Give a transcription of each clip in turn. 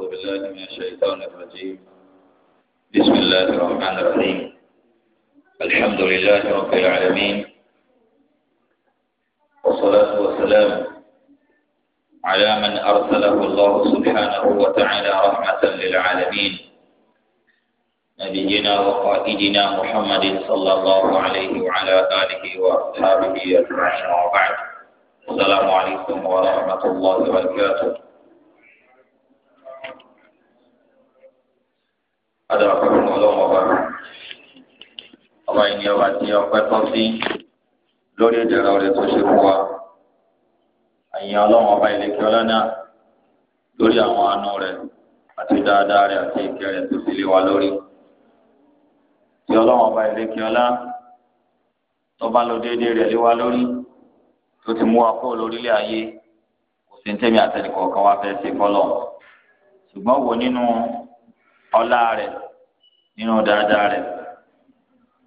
أعوذ بالله من الشيطان الرجيم بسم الله الرحمن الرحيم الحمد لله رب العالمين والصلاة والسلام على من أرسله الله سبحانه وتعالى رحمة للعالمين نبينا وقائدنا محمد صلى الله عليه وعلى آله وأصحابه أجمعين وبعد السلام عليكم ورحمة الله وبركاته padà wà fún ọlọ́wọ́ ọba ọba ìní ọba tí ọpẹ́ tọ́ sí lórí ìdẹ̀rọ rẹ̀ tó ṣe fún wa àyìn ọlọ́wọ́ ọba ìlẹ́kẹ́ ọlọ́nà lórí àwọn àánú rẹ̀ àti dáadáa rẹ̀ àti ìkẹ́ rẹ̀ tó sì lé wa lórí tí ọlọ́wọ́ ọba ìlẹ́kẹ́ ọlá tó bá lo déédéé rẹ̀ lé wa lórí tó ti mú wa kó lórílẹ̀ ayé kò sí ní tẹ́mi àtẹnìkọ̀ọ̀kan wa fẹ́ ṣe fọ́lọ́ ṣùgbọ́n wo nínú ọlá rẹ nínú dáadáa rẹ̀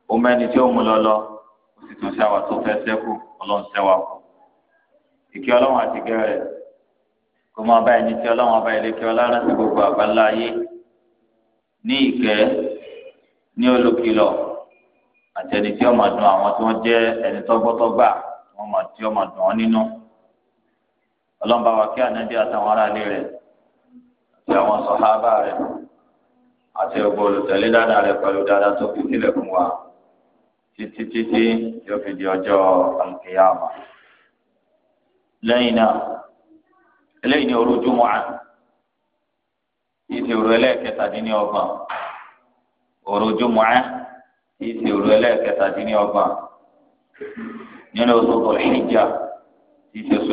ó mẹ́ni tí ó mú lọ́lọ́ ó sì tún tó fẹ́ sẹ́kù ọlọ́run ṣẹ́wà kù àti gẹ́rẹ́ kó máa bá ẹni tí ọlọ́run ọba ìlẹ́kẹ́ gbogbo àgbáńlá yé ní ní àti ẹni tí tí wọ́n jẹ́ ẹni tọ́gbọ́tọ́gbà nínú àti ọgbọ́n olùtẹ̀lé dáadáa rẹ̀ pẹ̀lú dáadáa tó fi sílẹ̀ fún wa títí títí yóò fi di ọjọ́ àǹkìyàmà. lẹ́yìn náà eléyìí ní òru júmọ́ à òru òru òru nínú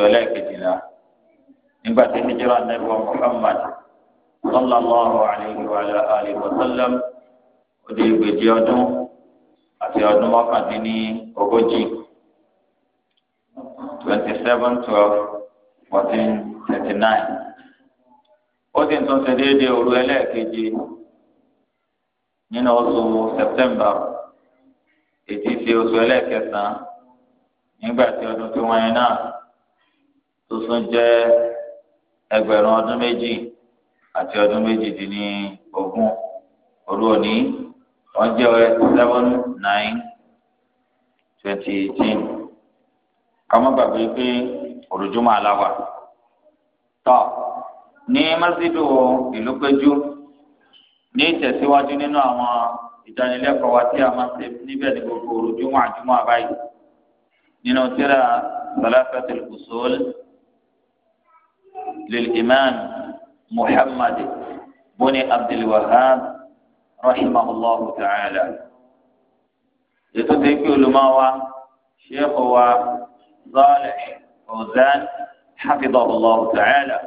ẹlẹ́ẹ̀kejìlá nígbà tí nẹ́gbọ́n صلى الله عليه وعلى آله وسلم ودي بيجي ọdún àti ọdún mọ́kàndínní ogójì twenty seven twelve fourteen thirty nine ó sì ń tún ṣe déédéé òru ẹlẹ́ẹ̀keje nínú oṣù september ètí ṣe oṣù ẹlẹ́ẹ̀kẹsàn nígbà tí ọdún tí wọ́n yẹn náà tuntun jẹ́ ẹgbẹ̀rún ọdún méjì àti ọdún méjìdínní ogún òru òní ọjọ́ seven nine twenty eighteen kàmá gbàgbé pé òrùjúmọ́ aláwà tọ́ ní masidu ìlú péjú ní ìtẹ̀síwájú nínú àwọn ìdánilẹ́kọ̀ọ́ wa tí a máa ṣe níbẹ̀ ní gbogbo òrùjúmọ́ àjúmọ́ àbáyé nínú tíra salafatul usul lil imam. محمد بن عبد الوهاب رحمه الله تعالى ètò tó kí olùmọ̀ wa sheikh wa Salih Fawzan hafidhahullah ta'ala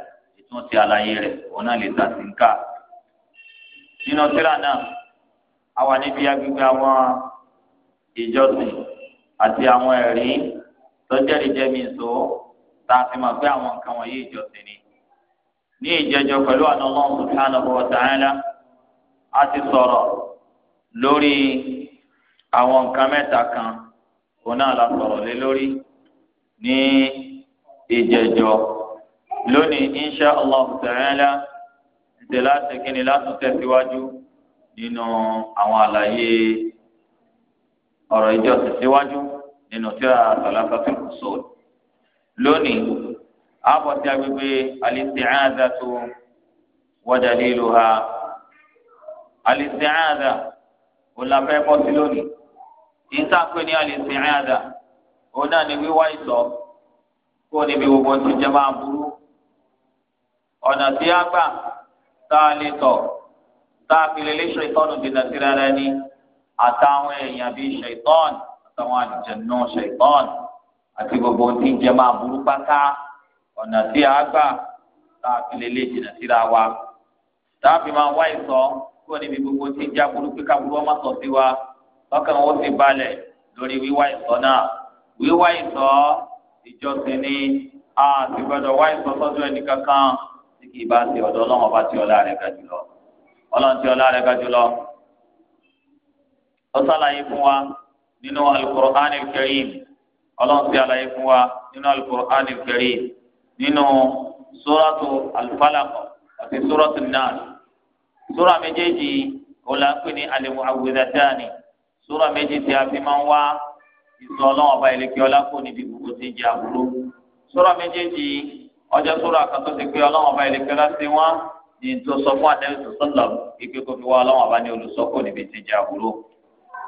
ètò tí àlàyé rẹ̀ ọ̀nà lè ta sí nká. nínú tírà náà àwa níbi agbègbè àwọn ìjọsìn àti àwọn ẹ̀rí tọ́jẹ́rìí jẹ́mi ìṣó tá a fi mọ̀ pé àwọn nǹkan wọ̀nyí ìjọsìn ni ní ìjẹjọ pẹ̀lú àna Allah subhanahu wa ta'ala a ti sọ̀rọ̀ lórí àwọn nǹkan mẹ́ta kan òun náà la sọ̀rọ̀ lé lórí ní ìjẹjọ lónìí insha Allah ta'ala ṣe láti kíni láti tẹ̀síwájú nínú àwọn àlàyé ọ̀rọ̀ ìjọ tẹ̀síwájú nínú tíra àtàlàfà fífò sóòlù lónìí àbọ̀ tí a gbégbé al-isti'adhatu wa daliluha al-isti'adha olàfẹ́ bọ́ sí lónìí ìta pé ní al-isti'adha òun náà ni wíwá ìsọ kó níbi gbogbo ti jẹ́ máa burú ọ̀nà tí a gbà tá a lè tọ̀ tá a fi lè ni àtàwọn èèyàn bíi ṣètọ́n àtàwọn àjẹnú ṣètọ́n àti gbogbo ti jẹ́ máa burú pátá ọ̀nà tí a gbà tá a fi lè lé jìnnà síra wa tá a fi máa wá ìsọ kúrò níbi gbogbo tí ń já burúkú káburú ọmọ sọ sí wa lọ́kàn ó sì balẹ̀ lórí wíwá ìsọ náà wíwá ìsọ ìjọsìn ni a ti gbọdọ̀ wá ìsọ sọ́dọ̀ ẹnì kankan tí kì í bá ti ọ̀dọ̀ ọlọ́run ọba tí ọlá rẹ̀ ga jùlọ ọlọ́run tí ọlá rẹ̀ ga jùlọ ó sàlàyé fún wa nínú alukur'an karim ọlọ́run ti àlàyé fún wa nínú alukur'an karim nínú sóràtò alifalakọ àti sóràtò náà sóra méjèèjì ọ̀la ń pè ní alimu awudatani sóra méjì tí a fi máa ń wá ìsọ ọlọ́run ọba ìlẹ́kẹ́ ọlá kò níbi gbogbo ti jẹ àbúrò sóra méjèèjì ọjọ́ sóra kan tó ti pé ọlọ́run ọba ìlẹ́kẹ́ ọlá ti wá ní tó sọ fún àdéhùn sọlọ ike kó fi wá ọlọ́run ọba ní olùsọ́kò níbi ti jẹ àbúrò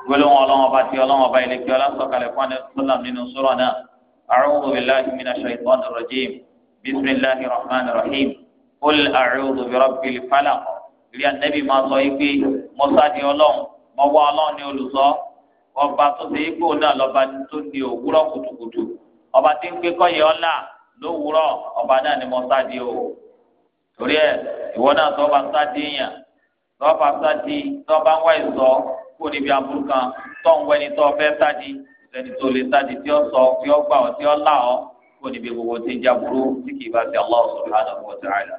gbólóhùn ọlọ́run ọba ti ọlọ́run ọba ìlẹ́kẹ́ ọlá sọ̀kalẹ̀ بسم الله الرحمن الرحيم قل أعوذ برب الفلق ilé anabi máa sọ yìí pé mọ́sáàdì ọlọ́run mọ́ wá ọlọ́run ní olùsọ ọba tó ṣe é kó náà lọ́ba tó di òwúrọ̀ kùtùkùtù ọba tí ń pé kọ́yẹ̀ ọ̀la lówùúrọ̀ ọba náà ni mọ́sáàdì o torí ẹ ìwọ náà sọ́ba sáàdì èèyàn sọ́ba sáàdì sọ́ba ń wá ìsọ kó níbi aburú kan tó ń wẹni tó fẹ́ sáàdì lẹ́ni tó lè sáàdì tí ó sọ tí ó gbà ọ́ tí ó là ọ́ kó níbi gbogbo tí ń jáburú tí kì í bá ti Allah subhanahu wa ta'ala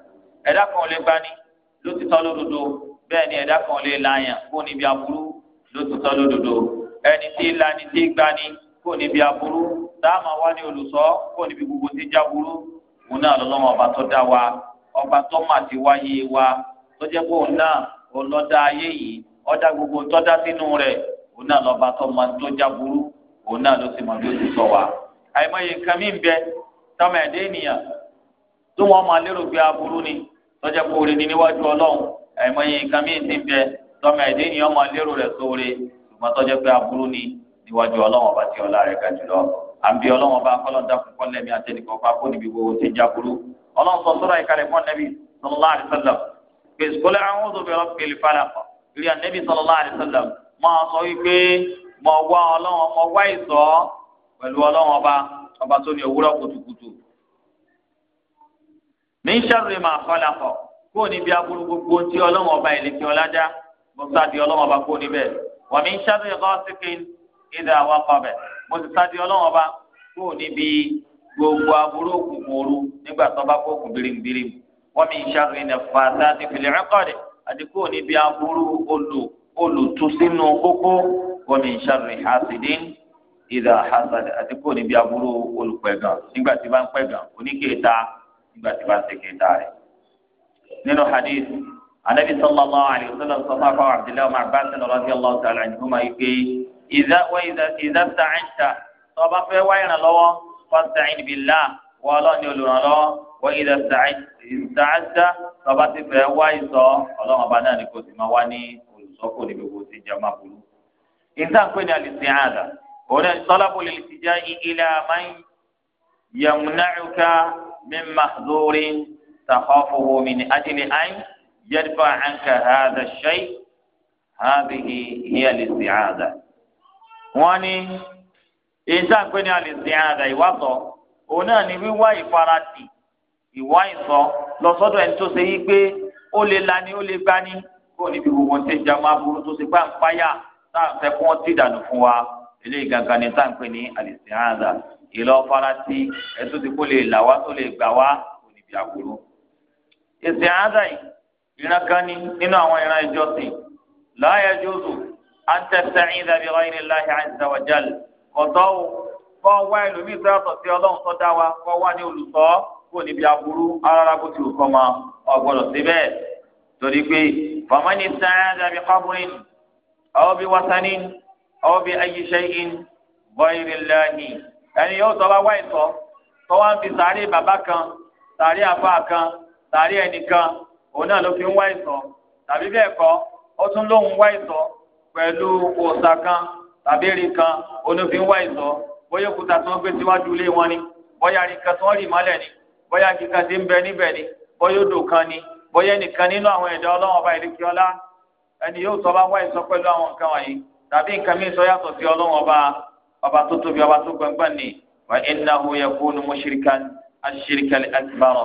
ẹ̀dá kan lè gbani ló ti tọ́ lódodo bẹ́ẹ̀ ni ẹ̀dá kan lè láyàn kó níbi aburú ló ti tọ́ lódodo ẹni tí gbani kó níbi aburú dáàmà wá ní olùsọ kó gbogbo tí ń jáburú òun náà ọba tó dá wa ọba tó ti wa tó jẹ́ pé òun náà gbogbo tó dá sínú rẹ̀ òun náà lọ́ba tó tó àìmọye nǹkan mí bẹ tọmọ ẹdẹ ènìyàn tó wọn máa lérò pé aburú ni tọjá kóore ni níwájú Ọlọ́run àìmọye nǹkan mí ti bẹ tọmọ ẹdẹ ènìyàn máa lérò rẹ sóore ṣùgbọ́n tọjá pé aburú ni níwájú Ọlọ́run ọba tí ọlá rẹ ga jùlọ àbí Ọlọ́run ọba akọlọńdà fún kọlẹmí àtẹnìkọ pápó níbi gbogbo ti jáburú Ọlọ́run sọ sọ̀rọ̀ ìkàlẹ fún Ànábì sallallahu alaihi pẹ̀lú ọlọ́run ọba ọba tó ní òwúrọ̀ kùtùkùtù. min sharri ma khalaqa kó o níbi aburú gbogbo tí ọlọ́run ọba ìlẹ̀kí ọlájà mo sáàdì ọlọ́run ọba kó o níbẹ̀. wa min sharri ghasiqin idha waqaba mo ti sáàdì ọlọ́run ọba kó o níbi gbogbo aburú kòkòrò nígbà tó bá kó kù bìrìbìrìm wa min sharri naffathati fil ìdá hasad àti kò níbi aburú olùpẹ̀gàn nígbà tí bá ń pẹ̀gàn oníkèéta nígbà tí bá ń ṣèkèéta rẹ̀. nínú hadith anabi sallallahu alayhi wa sallam sọfà fáwọn abdullahi ọmọ abbas radiyallahu ta'ala anhuma yìí pé ìdá wọ ìdá sàcìntà tọba fẹ́ wá ìrànlọ́wọ́ fasta'in billah wọ ọlọ́ọ̀ni olùrànlọ́wọ́ wọ ìdá sàcìntà tọba ti fẹ́ wá ìsọ ọlọ́run ọba náà ni kò sì máa wá ní olùsọ́kò níbi kò sì jẹ́ máa burú. ìdá pé ní alìsíhàn ona talabu lil tijai ila man yamna'uka min mahzurin takhafuhu min ajli an yadfa anka hadha shay hadhihi hiya al-isti'adha wọ́n ní ìjà pé ní al-isti'adha ìwàsọ òun náà ni wíwá ìfaratì ìwá ìsọ lọ sọ́dọ̀ ẹni tó ṣe yí pé ó lè lani ó lè gbani kó níbi gbogbo ti jẹ ọmọ tó ṣe gbá ń fáyà tá ń fẹ́ kó wọn ti dànù fún wa eléyìí gangan ni táǹpé ní alìsíhánza ìlọ farasí ẹtú ti kó lè là wá tó lè gbà wá oníbi àkúrú. ìsíhánza yìí ìran kan ní nínú àwọn ìran ìjọsìn láàyè jóòzù àǹtẹ̀sẹ̀ ìdàbí ọ̀hìn láhìá àǹtẹ̀wájàl kọ̀tọ́ o kọ́ wá ẹlòmíì sọ́yàtọ̀ sí ọlọ́run tó dá wa kọ́ wá ní olùsọ́ kó níbi àkúrú arára bó ti rò ma ọ̀gbọ́dọ̀ síbẹ̀ torí pé fàmọ́ni sáyà dàbí kábùrín àwọn bí wásánín aw bi ayi shay'in ghayri llahi ẹni yóò tọ́ bá wá ìtọ́ tọ́ wá ń fi sàárè bàbá kan sàárè àbá kan sàárè ẹnìkan òun náà ló fi ń wá ìtọ́ tàbí bẹ́ẹ̀ kọ́ ó tún lóun wá ìtọ́ pẹ̀lú òòṣà kan tàbí erin kan òun ló fi ń wá ìtọ́ bóyá òkúta tí wọ́n gbé síwájú ilé wọn ni bóyá erin tí wọ́n rì mọ́lẹ̀ ni bóyá kíkan ti ń bẹ níbẹ̀ ni bóyá odò kan ni bóyá ẹnìkan nínú àwọn ẹ̀dá ọlọ́wọ́n ọba ìdíkì ẹni yóò tọ́ bá wá ìtọ́ pẹ̀lú àwọn nǹkan wọ̀nyí tàbí nǹkan mi sọ yàtọ̀ sí ọlọ́run ọba ọba tó tóbi ọba tó gbangban ni wa innahu yakunu mushrikan ash-shirkal akbar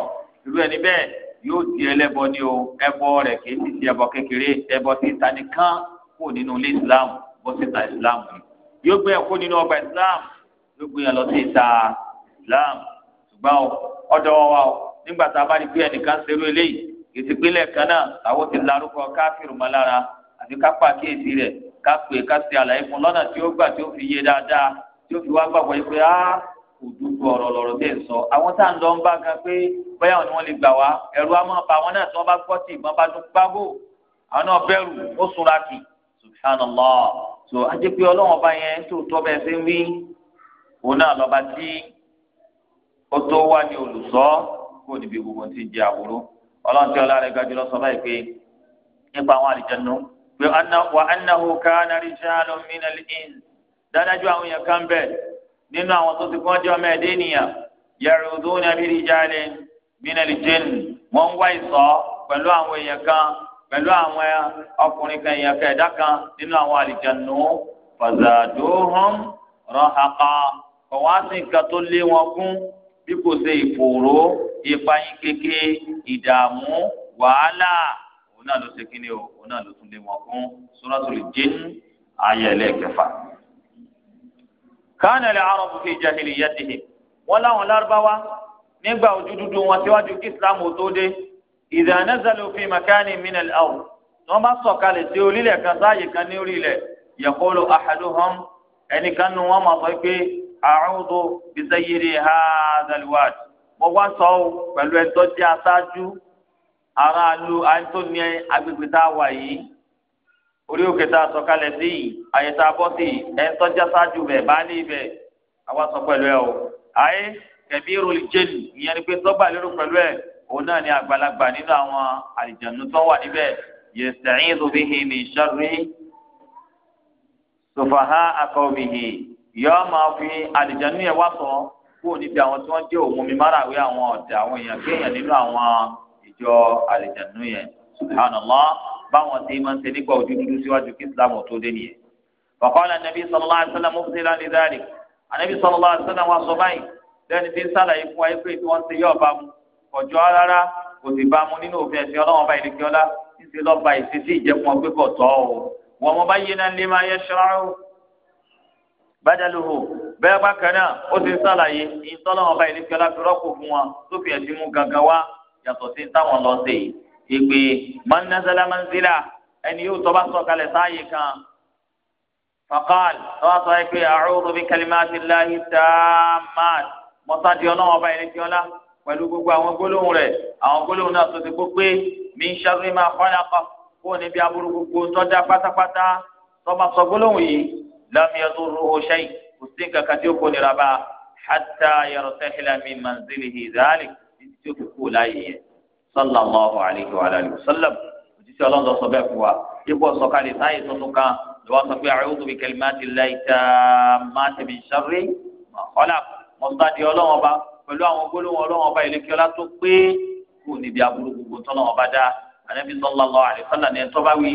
irú ẹni bẹ́ẹ̀ yóò di ẹlẹ́bọ ní o ẹbọ rẹ̀ kì í ti di ẹbọ kékeré ẹbọ títa nìkan kó nínú ilé islam bó síta islam yóò gbé ẹ̀kọ́ nínú ọgbà islam yóò gbé yẹn lọ sí ìta islam ṣùgbọ́n ọ̀dọ̀ wa nígbà tá a bá rí pé ẹnìkan ṣerú eléyìí ètò ìpínlẹ̀ kan náà àwọn ti larúkọ káfíìrù mọ́ lára àti ká pàkíyèsí rẹ̀ ká pè ká ṣe àlàyé fún lọ́nà tí ó gbà tí ó fi yé dáadáa tí ó fi wá gbàgbọ́ yìí pé á òdúgbò ọ̀rọ̀ lọ̀rọ̀ bẹ́ẹ̀ sọ àwọn tá à ń lọ ń bá gan pé bóyá wọn ni wọ́n lè gbà wá ẹ̀rù àmọ́ bá wọn náà tí wọ́n bá gbọ́ tí ìbọn bá dún gbábò àwọn náà bẹ̀rù ó sunra kì subhanallah so ajé pé ọlọ́wọ́n bá yẹn tó tọ́ bẹ́ẹ̀ ṣe ń wí òun náà lọ́ba tí ó tó wá ní olùsọ́ kó níbi gbogbo ti jẹ àwòrán ọlọ́run tí ọlá wa annahu kana rijalun minal ins dáadájú àwọn èèyàn kan bẹ́ẹ̀ nínú àwọn tó ti kọ́ jọ mẹ́ẹ̀dé nìyà yaruduna bi rijalin minal jinn wọ́n ń wá ìsọ́ pẹ̀lú àwọn èèyàn kan pẹ̀lú àwọn ọkùnrin kan èèyàn kan ẹ̀dá kan nínú àwọn àlìjànú fazaduhum rahaqa ọ̀wá sí nǹkan tó lé wọn kún bí kò ṣe ìfòòró ìpayín kéke ìdààmú wàhálà òun náà ló ṣe kí ni o òun náà ló tún lé wọn fún suratul jinn ayé ẹlẹ́ẹ̀kẹfà. kana al-arabu fi jahiliyyatihim wọ́n láwọn lárúbáwá nígbà ojú dúdú wọn síwájú kí islam ò tó dé idha nazalu fi makani min al-ard wọ́n bá sọ̀kalẹ̀ sí orílẹ̀ kan sáàyè kan ní orílẹ̀ yaqulu ahaduhum ẹnìkan nu wọn máa sọ pé a'udhu bisayyidi hadha al-wadi mo wá sọ pẹ̀lú ẹ̀tọ́ jẹ́ aṣáájú aráàlú àìsàn ní agbègbè tá a wà yìí orí òkè tá a sọ̀kalẹ̀ sí yìí àyè tá a bọ́ sí yìí ẹ̀ ń tọ́já ṣáájú bẹ̀ baálé ibẹ̀ àwa sọ pẹ̀lú ẹ o àyè kẹ̀mí rúlì jẹ́lì ìyẹn ni pé sọ́gbà lérò pẹ̀lú ẹ̀ òun náà ni àgbàlagbà nínú àwọn àlìjànú tó wà níbẹ̀ yẹ̀sẹ̀yìn tó fi hìn mí sọ́rí sọfàhà àkọ́mìhì yọ máa fi àlìjànú yẹn wá sọ kúrò níbi àwọn tí wọ́n yọ àlìjànú yẹn subhanallah báwọn ṣe máa ń ṣe nígbà ojú dúdú síwájú kí islam tó dé nìyẹn. faqala nàbí sallallahu alaihi wasallam mufsilan li dhalik ànàbí sallallahu alaihi wasallam wa sọ báyìí lẹ́ni tí ń sàlàyé fún wa yìí pé tí wọ́n ṣe yọ̀ bá mu kọjọ́ rárá kò sì bá mu nínú òfin ẹ̀sìn ọlọ́wọ́n bá ìlẹ̀kẹ́ ọlá ṣíṣe lọ́ba ìṣesí ìjẹ́kùn ọgbẹ́ tọ́ yàtọ̀ sí táwọn lọ sí i ìpè mọ́nínásálá mọ́nsílá ẹni yóò tọ́ba sọ kalẹ̀ sáàyè kan fàkàl tọ́ba sọ pé a'udhu bi kalimati llahi tammat mọ́sáàdì ọlọ́wọ́n ọba ẹni tí ọlá pẹ̀lú gbogbo àwọn gbólóhùn rẹ̀ àwọn gbólóhùn náà tó ti kó pé min sharri ma khalaqa kó níbi aburú gbogbo tọ́jà pátápátá tọ́ba sọ gbólóhùn yìí lam yadurruhu shay' kò sí nǹkan kan tí ó kó nira bá hatta yartahila min manzilihi dhalik tí ó fi kú láàyè yẹn sallallahu alayhi wa alihi wa sallam òjíṣẹ́ ọlọ́run lọ sọ bẹ́ẹ̀ fún wa ipò sọ̀kalẹ̀ sáyè tuntun kan lọ́wọ́ sọ pé a'udhu bi kalimati llahi tammati min sharri ma khalaq mọ̀tàdì ọlọ́run ọba pẹ̀lú àwọn gbólóhùn ọlọ́run ọba ìlẹ́kíọ́lá tó pé kò níbi aburú gbogbo tọ́lọ́run ọba dá anabi sallallahu alayhi ní ẹ̀tọ́ bá wí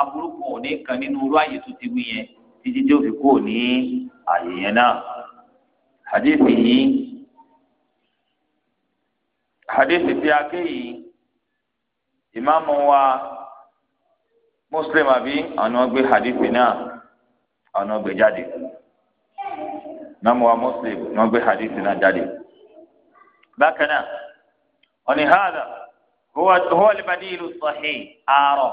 aburú kan kan nínú irú àyè tó ti wí yẹn títí tí ó fi kú òní àyè yẹn náà hadithi yìí hadith ti ake yìí imaamu wa muslim abi àwọn gbé hadith náà àwọn gbé jáde imaamu wa muslim àwọn gbé hadith náà jáde bákan náà wọn ni hada huwa huwa albadilu sahih àárọ̀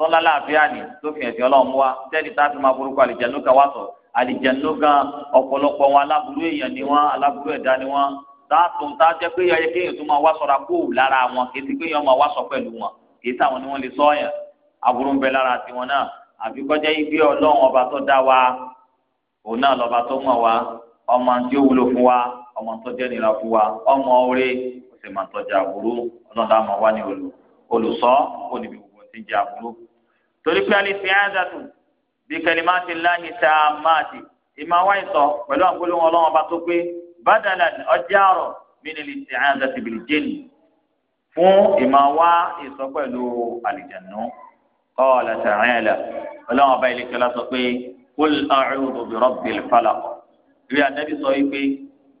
tọ́lá láàfíà ni tó fi ẹ̀sìn ọlọ́run wa tẹ́lẹ̀ tá a fi máa burúkú àlìjẹ̀nu kan wá sọ àlìjẹ̀nu kan ọ̀pọ̀lọpọ̀ wọn aláburú èèyàn ni wọn aláburú ẹ̀dá ni wọn dáàtún tá a jẹ́ pé yẹ kéèyàn tó máa wá sọ́ra kó lára wọn kì í ti kéèyàn máa wá sọ pẹ̀lú wọn kì í táwọn ni wọ́n lè sọ yẹn aburú ń bẹ lára tiwọn náà àfi kọjá yìí bí ọlọ́run ọba tó dá wa òun náà lọ́ba tó mọ̀ wa ọmọ tí ó wúlò fún wa ọmọ tó jẹ́ nira fún wa ọmọ orí kò sì máa tọ́jà aburú ọlọ́dà máa wá ní olù olùsọ kò níbi gbogbo ti jẹ aburú. torí pé alẹ́ fi ẹ́ dàtún bí kẹlẹ́máàtì láyé tá a máa ti ìmọ̀ wáyé sọ pẹ̀lú àgbélé wọn ọlọ́run ọba tó pé bàdàlà ọjà àrọ̀ mínìlì tí a ń dàtí bìlì jẹ́lì fún ìmọ̀ wá ìsọ pẹ̀lú àlìjànú qala ta'ala ọlọ́run ọba ilé kẹlá sọ pé qul a'udhu bi rabbil falaq ìrìn àdẹ́bí sọ yìí pé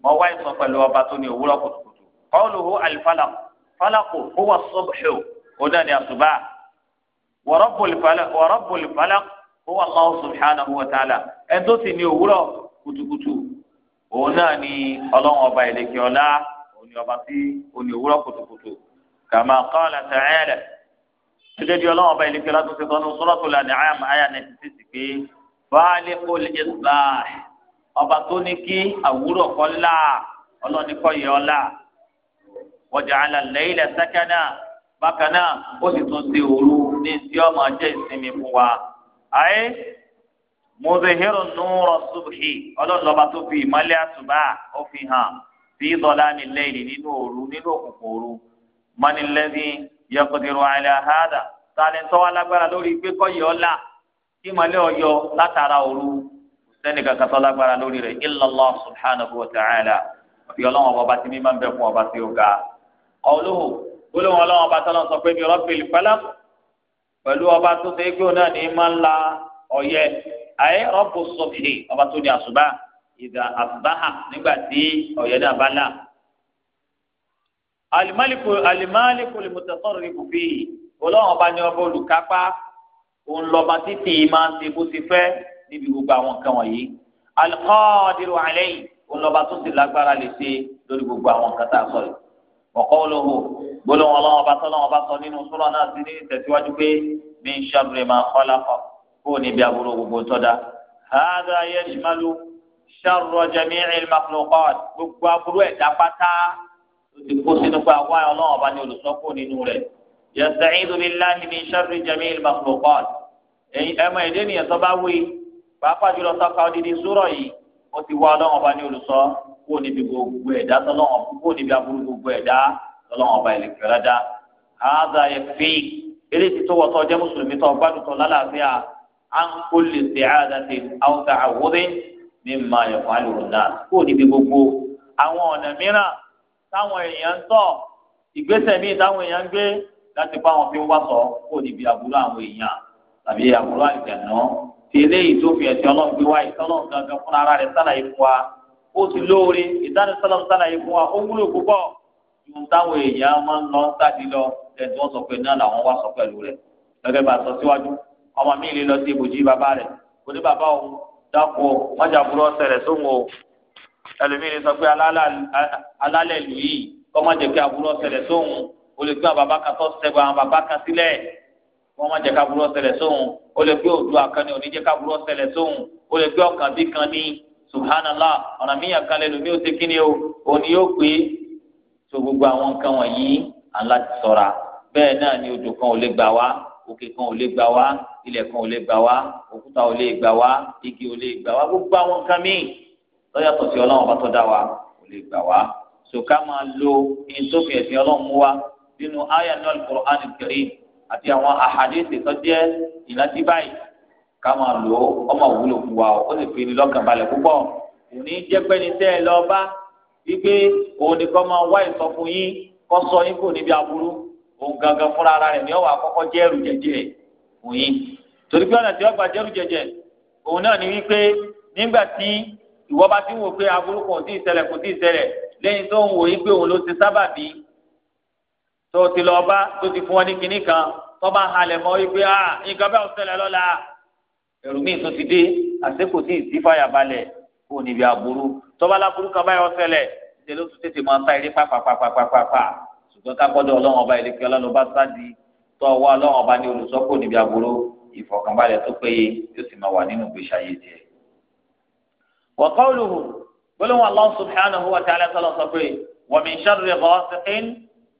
mo wá ìsọ pẹ̀lú ọba tó ní òwúrọ̀ kùtùkùtù qawluhu al-falaq falaq huwa as-subhu ọ̀dà ni àsùbá wa rabbul falaq wa rabbul falaq huwa Allah subhanahu wa ta'ala tó sì ní òwúrọ̀ kùtùkùtù òun náà ni ọlọ́run ọba ìlẹ̀kẹ̀ ọlá òun ọba tí òun òwúrọ̀ kùtùkùtù kàmá qala ta'ala gẹ́gẹ́ bí ọlọ́run ọba ìlẹ̀kẹ̀ ọlá tó ti sọ́nu suratul an'am àyà nẹ́tì tí ti pé báàlẹ́ olè ṣá ọba tó ní kí àwúrọ̀ kọ́lá ọlọ́ni kọ́ yẹ ọlá wa ja'ala al-layla sakana ó sì tún ṣe òru ní tí ọmọ jẹ́ ìsinmi fún wa. muzehiru nùrọ̀ subhi ọlọ́lọ́ba tó fi ìmọ́lẹ̀ àtùbá ó fi hàn fi dọ̀lá ní lẹ́yìn nínú òru nínú òkùnkùn òru mọ́nilẹ́bí yẹkùdìrún àìlẹ̀ àhádà tani tọ́ alágbára lórí pé kọ́yì ọ̀la kí mọ́lẹ̀ ọ̀yọ́ látara òru sẹ́ni kankan tọ́ lágbára illallah ta'ala ọba ọba ga ọba ọba àyè rọ́pò sọ̀bìrì ọba tó ní àṣùbà ìdá àṣùbáhà nígbà tí ọ̀yẹ́ náà bá là. alimaliku alimaliku limutẹsọrọ ibu fi ọlọ́run ọba ní ọba olùkápá òun lọ́ba títì máa ń ṣe bó ti fẹ́ níbi gbogbo àwọn nǹkan wọ̀nyí. alikọ́ọ̀dìrò alẹ́ yìí tó ti lágbára lè ṣe lórí gbogbo àwọn nǹkan tá a sọ yìí. ọ̀kọ́ olóhùn gbólóhùn ọlọ́run ọba tọ́lọ́run ọba sọ nínú súrọ̀ náà sí ní ìtẹ̀síwájú pé min sharri ma khalaqa kó o níbi aburú gbogbo tọ́da. hādhā yashmalu sharra jamī'il makhluqāt gbogbo aburú ẹ̀dá pátá ó ti kó sínú pé àwa ọlọ́run ọba ni olùsọ́kù nínú rẹ̀. yasta'īdhu billāhi min sharri jamī'il makhluqāt ẹ̀mọ ẹ̀dẹ́ nìyẹn tó bá wí pàápàá jùlọ sọ́ka odidi súrọ̀ yìí ó ti wá ọlọ́run ọba ní olùsọ kó níbi gbogbo ẹ̀dá tọ́lọ́run kó níbi aburú gbogbo ẹ̀dá tọ́lọ́run ọba ìlẹ̀kẹ̀rẹ̀ dá. àádọ́ ayẹ̀fẹ́ eléyìí tó wọ́tọ́ jẹ́ mùsùlùmí tó gbádùn tó lálàáfíà an kulli isti'adatin aw ta'awudin mimma yaf'aluhu an-nas kó níbi gbogbo àwọn ọ̀nà mìíràn táwọn èèyàn ń tọ̀ ìgbésẹ̀ míì táwọn èèyàn ń gbé láti bá wọn fi wá sọ kó níbi àbúrò àwọn èèyàn tàbí àbúrò àìjẹ̀nà ti eléyìí tó fi ẹ̀sìn ọlọ́run gbé wá ìtọ́lọ́run gangan fúnra ara rẹ̀ sálàyé fún wa ó ti lóore ìdánisọ́lọ́run sálàyé fún wa ó wúlò púpọ̀ ju táwọn èèyàn máa ń lọ sáàdì lọ ẹ̀dùn ọ̀sọ̀ pé náà làwọn wá sọ pẹ̀lú rẹ̀ gẹ́gẹ́ bá a sọ síwájú ọmọ mi lè lọ sí ibùjí bàbá rẹ̀ kò ní bàbá òun dákú o wọ́n jà burú ọ̀sẹ̀ rẹ̀ sóhun o ẹlòmíì lè sọ pé alálẹ̀ lù yìí kọ́ má jẹ́ kí aburú ọ̀sẹ̀ rẹ̀ sóhun o lè gbé bàbá kan tó sẹ́gun àwọn bàbá kan sílẹ̀ wọ́n má jẹ́ kí aburú ọ̀sẹ̀ sóhun o lè gbé òdu àkànni òní jẹ́ kí aburú ọ̀sẹ̀ sóhun o lè gbé ọkàn bí kan ní subhanallah ọ̀nà míyàn kan lẹ́lòmíì ó ti kíni o òní yóò pé so gbogbo àwọn nǹkan wọ̀nyí aláti sọ̀ra bẹ́ẹ̀ náà ni odò kan ò lè gbà wá òkè kan ò lè gbà wá ilẹ̀ kan ò lè gbà wá òkúta ò lè gbà wá igi ò lè gbà wá gbogbo àwọn nǹkan míì lọ́yàtọ̀ sí ọlọ́run ọba tó dá wa ò lè gbà wá sòká máa lo ìtòfin ẹ̀sìn ọlọ́run mú wa nínú àyà náà Al-Qur'an al àti àwọn àhàdíìsì tó jẹ́ ìrántí báyìí ká máa lò ọmọ òwúlò fún wa ó sì fi ní lọ́kàn balẹ̀ púpọ̀ kò ní jẹ́ pẹ́ni tẹ́ ẹ lọ bá wípé òun nìkan máa wá ìsọfún yín kọ́ sọ yín kò níbi aburú òun gangan fúnra ara rẹ̀ ni ọwọ́ àkọ́kọ́ jẹ́rù jẹjẹ fún yín torí pé ọ̀nà tí ọgbà jẹ́rù jẹjẹ òun náà ni wípé nígbà tí ìwọ bá ti ń wò pé aburú kò tí ì ṣẹlẹ̀ kò tí ì ṣẹlẹ̀ lẹ́yìn tó ń wò yí pé òun ló ti sábàbí tó ti lọ bá tó ti fún ọ ní kinní kan tó bá halẹ̀ mọ́ wípé a ah, nǹkan bẹ́ẹ̀ ṣẹlẹ̀ lọ́la ẹ̀rù míì tó ti dé àti kò tí ì sí fàyàbalẹ̀ kò níbi aburú tó bá láburú kan báyọ̀ ṣẹlẹ̀ ìṣẹ̀lẹ̀ ó tún tètè máa ta eré pàpàpàpàpàpà ṣùgbọ́n kápọ́dọ̀ ọlọ́run ọba ìlẹ́kẹ́ ọlọ́run ọba sáàdì tọ́ ọwọ́ ọlọ́run ọba ní olùsọ́kò níbi àbúrò ìfọ̀kànbalẹ̀ tó péye yóò sì máa wà nínú ìgbésí ayé tiẹ̀. wa qawluhu gbólóhùn Allah subhanahu wa ta'ala sọlọ sọ pé wa min sharri ghasiqin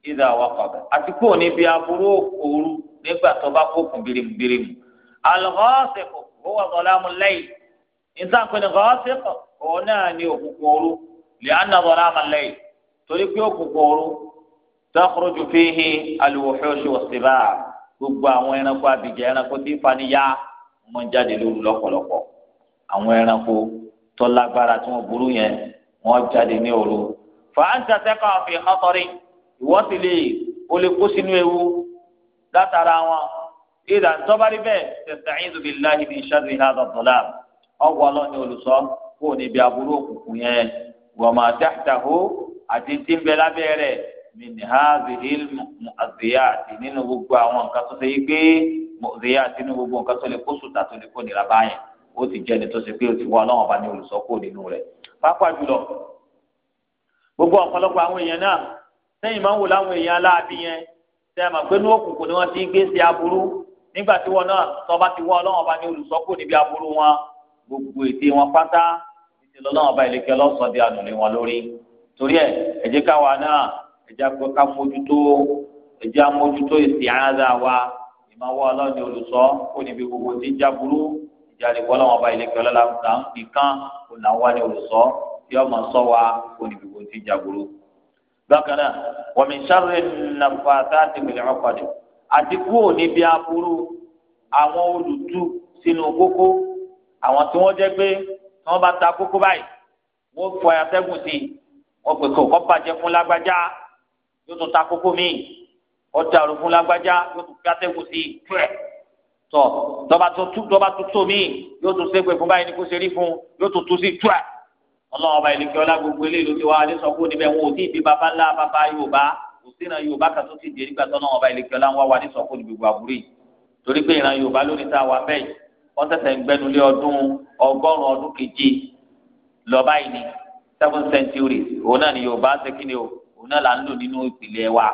idha waqab àti kúrò níbi àbúrò òru nígbà tó bá kókùn birimubirimu takhruju fihi al-wuhush was-sibaa gbogbo àwọn ẹranko abìjẹ ẹranko tí faniya wọ́n jáde lóru lọ́pọ̀lọpọ̀ àwọn ẹranko tó lágbára tí wọ́n burú yẹn wọ́n jáde ní òru fa anta taqa fi khatarin ìwọ́n ti lè o lè kó sínú ewu látara wọn ìdá ntọ́bárí bẹ́ẹ̀ tasta'idhu billahi min sharri hadha ad-dhalam ọ̀wọ́ ọlọ́ni olùsọ kó o níbi aburú òkùnkùn yẹn wa ma tahtahu mini hazi muaziya mu'adhiyaati nínú gbogbo àwọn nǹkan tó ṣe yí pé mu'adhiyaati nínú gbogbo nǹkan tó lè kó sùtà tó lè kó nira báyẹn ó ti jẹ́ni tó ṣe pé ó ti wọ ọlọ́run ọba ní olùsọ́kò nínú rẹ̀ pàápàá jùlọ gbogbo ọ̀pọ̀lọpọ̀ àwọn èèyàn náà sẹ́yìn máa ń wò láwọn èèyàn aláàbí yẹn tẹ́ ẹ mọ̀ pé ní òkùnkùn ni wọ́n ti ń gbé sí aburú nígbà tí wọn náà tọ́ba ti wọ ọlọ́run ọba ní olùsọ́kò níbi aburú wọn gbogbo èdè wọn pátá ìṣèlú ọlọ́run ọba ìlẹ́kẹ́ lọ́sọ̀ọ́ di wọn lórí torí ẹ jẹ́ káwa náà ẹjẹ akọ ká mójútó ẹjẹ amójútó èsì àádá wa ìmọ̀ wọ́ ọlọ́run ní olùsọ kó níbi gbogbo tí ń jáburú ìjà àdìgbò ọlọ́run ọba ìlẹ́kẹ̀ ọlọ́la gbà ń nìkan kó là ń wá ní olùsọ tí ọmọ sọ wa kó níbi gbogbo tí ń jáburú. bákan náà wa min sharri nafathati fil 'uqad àti kúrò níbi aburú àwọn olùtú sínú kókó àwọn tí wọ́n jẹ́ pé wọ́n bá ta kókó báyìí wọ́n fọ ayatẹ́gùn sí wọ́n pè kó kọ́ bàjẹ́ fún lágbájá yóò tún ta kókó míì ọjà òrùfún lágbájá yóò tún fi atẹ́gùn sí i pẹ́ tọ dọba tuntun dọba tuntun míì yóò tún ṣépè fún báyìí ní kó ṣe rí fún yóò tún tún sí pẹ́ ọlọ́run ọba ìlẹ̀kẹ́ ọlá gbogbo eléyìí ló ti wá alẹ́ sọ fún níbẹ̀ wọn ò tí ì bí baba ńlá baba yorùbá kò sí ìran yorùbá kan tó ti di nígbà tọ́nà ọba ìlẹ̀kẹ́ ọlá ń wá wa ní sọ fún níbi gbàgbúrì torí pé ìran yorùbá lórí tá a wà bẹ́ẹ̀ wọ́n tẹ̀sẹ̀ ń gbẹnulé ọdún ọgọ́rùn-ún ọdún keje lọ́ba ìní seven centuries òun náà ni yorùbá ṣe kí o òun náà là ń lò nínú ìpìlẹ̀ wa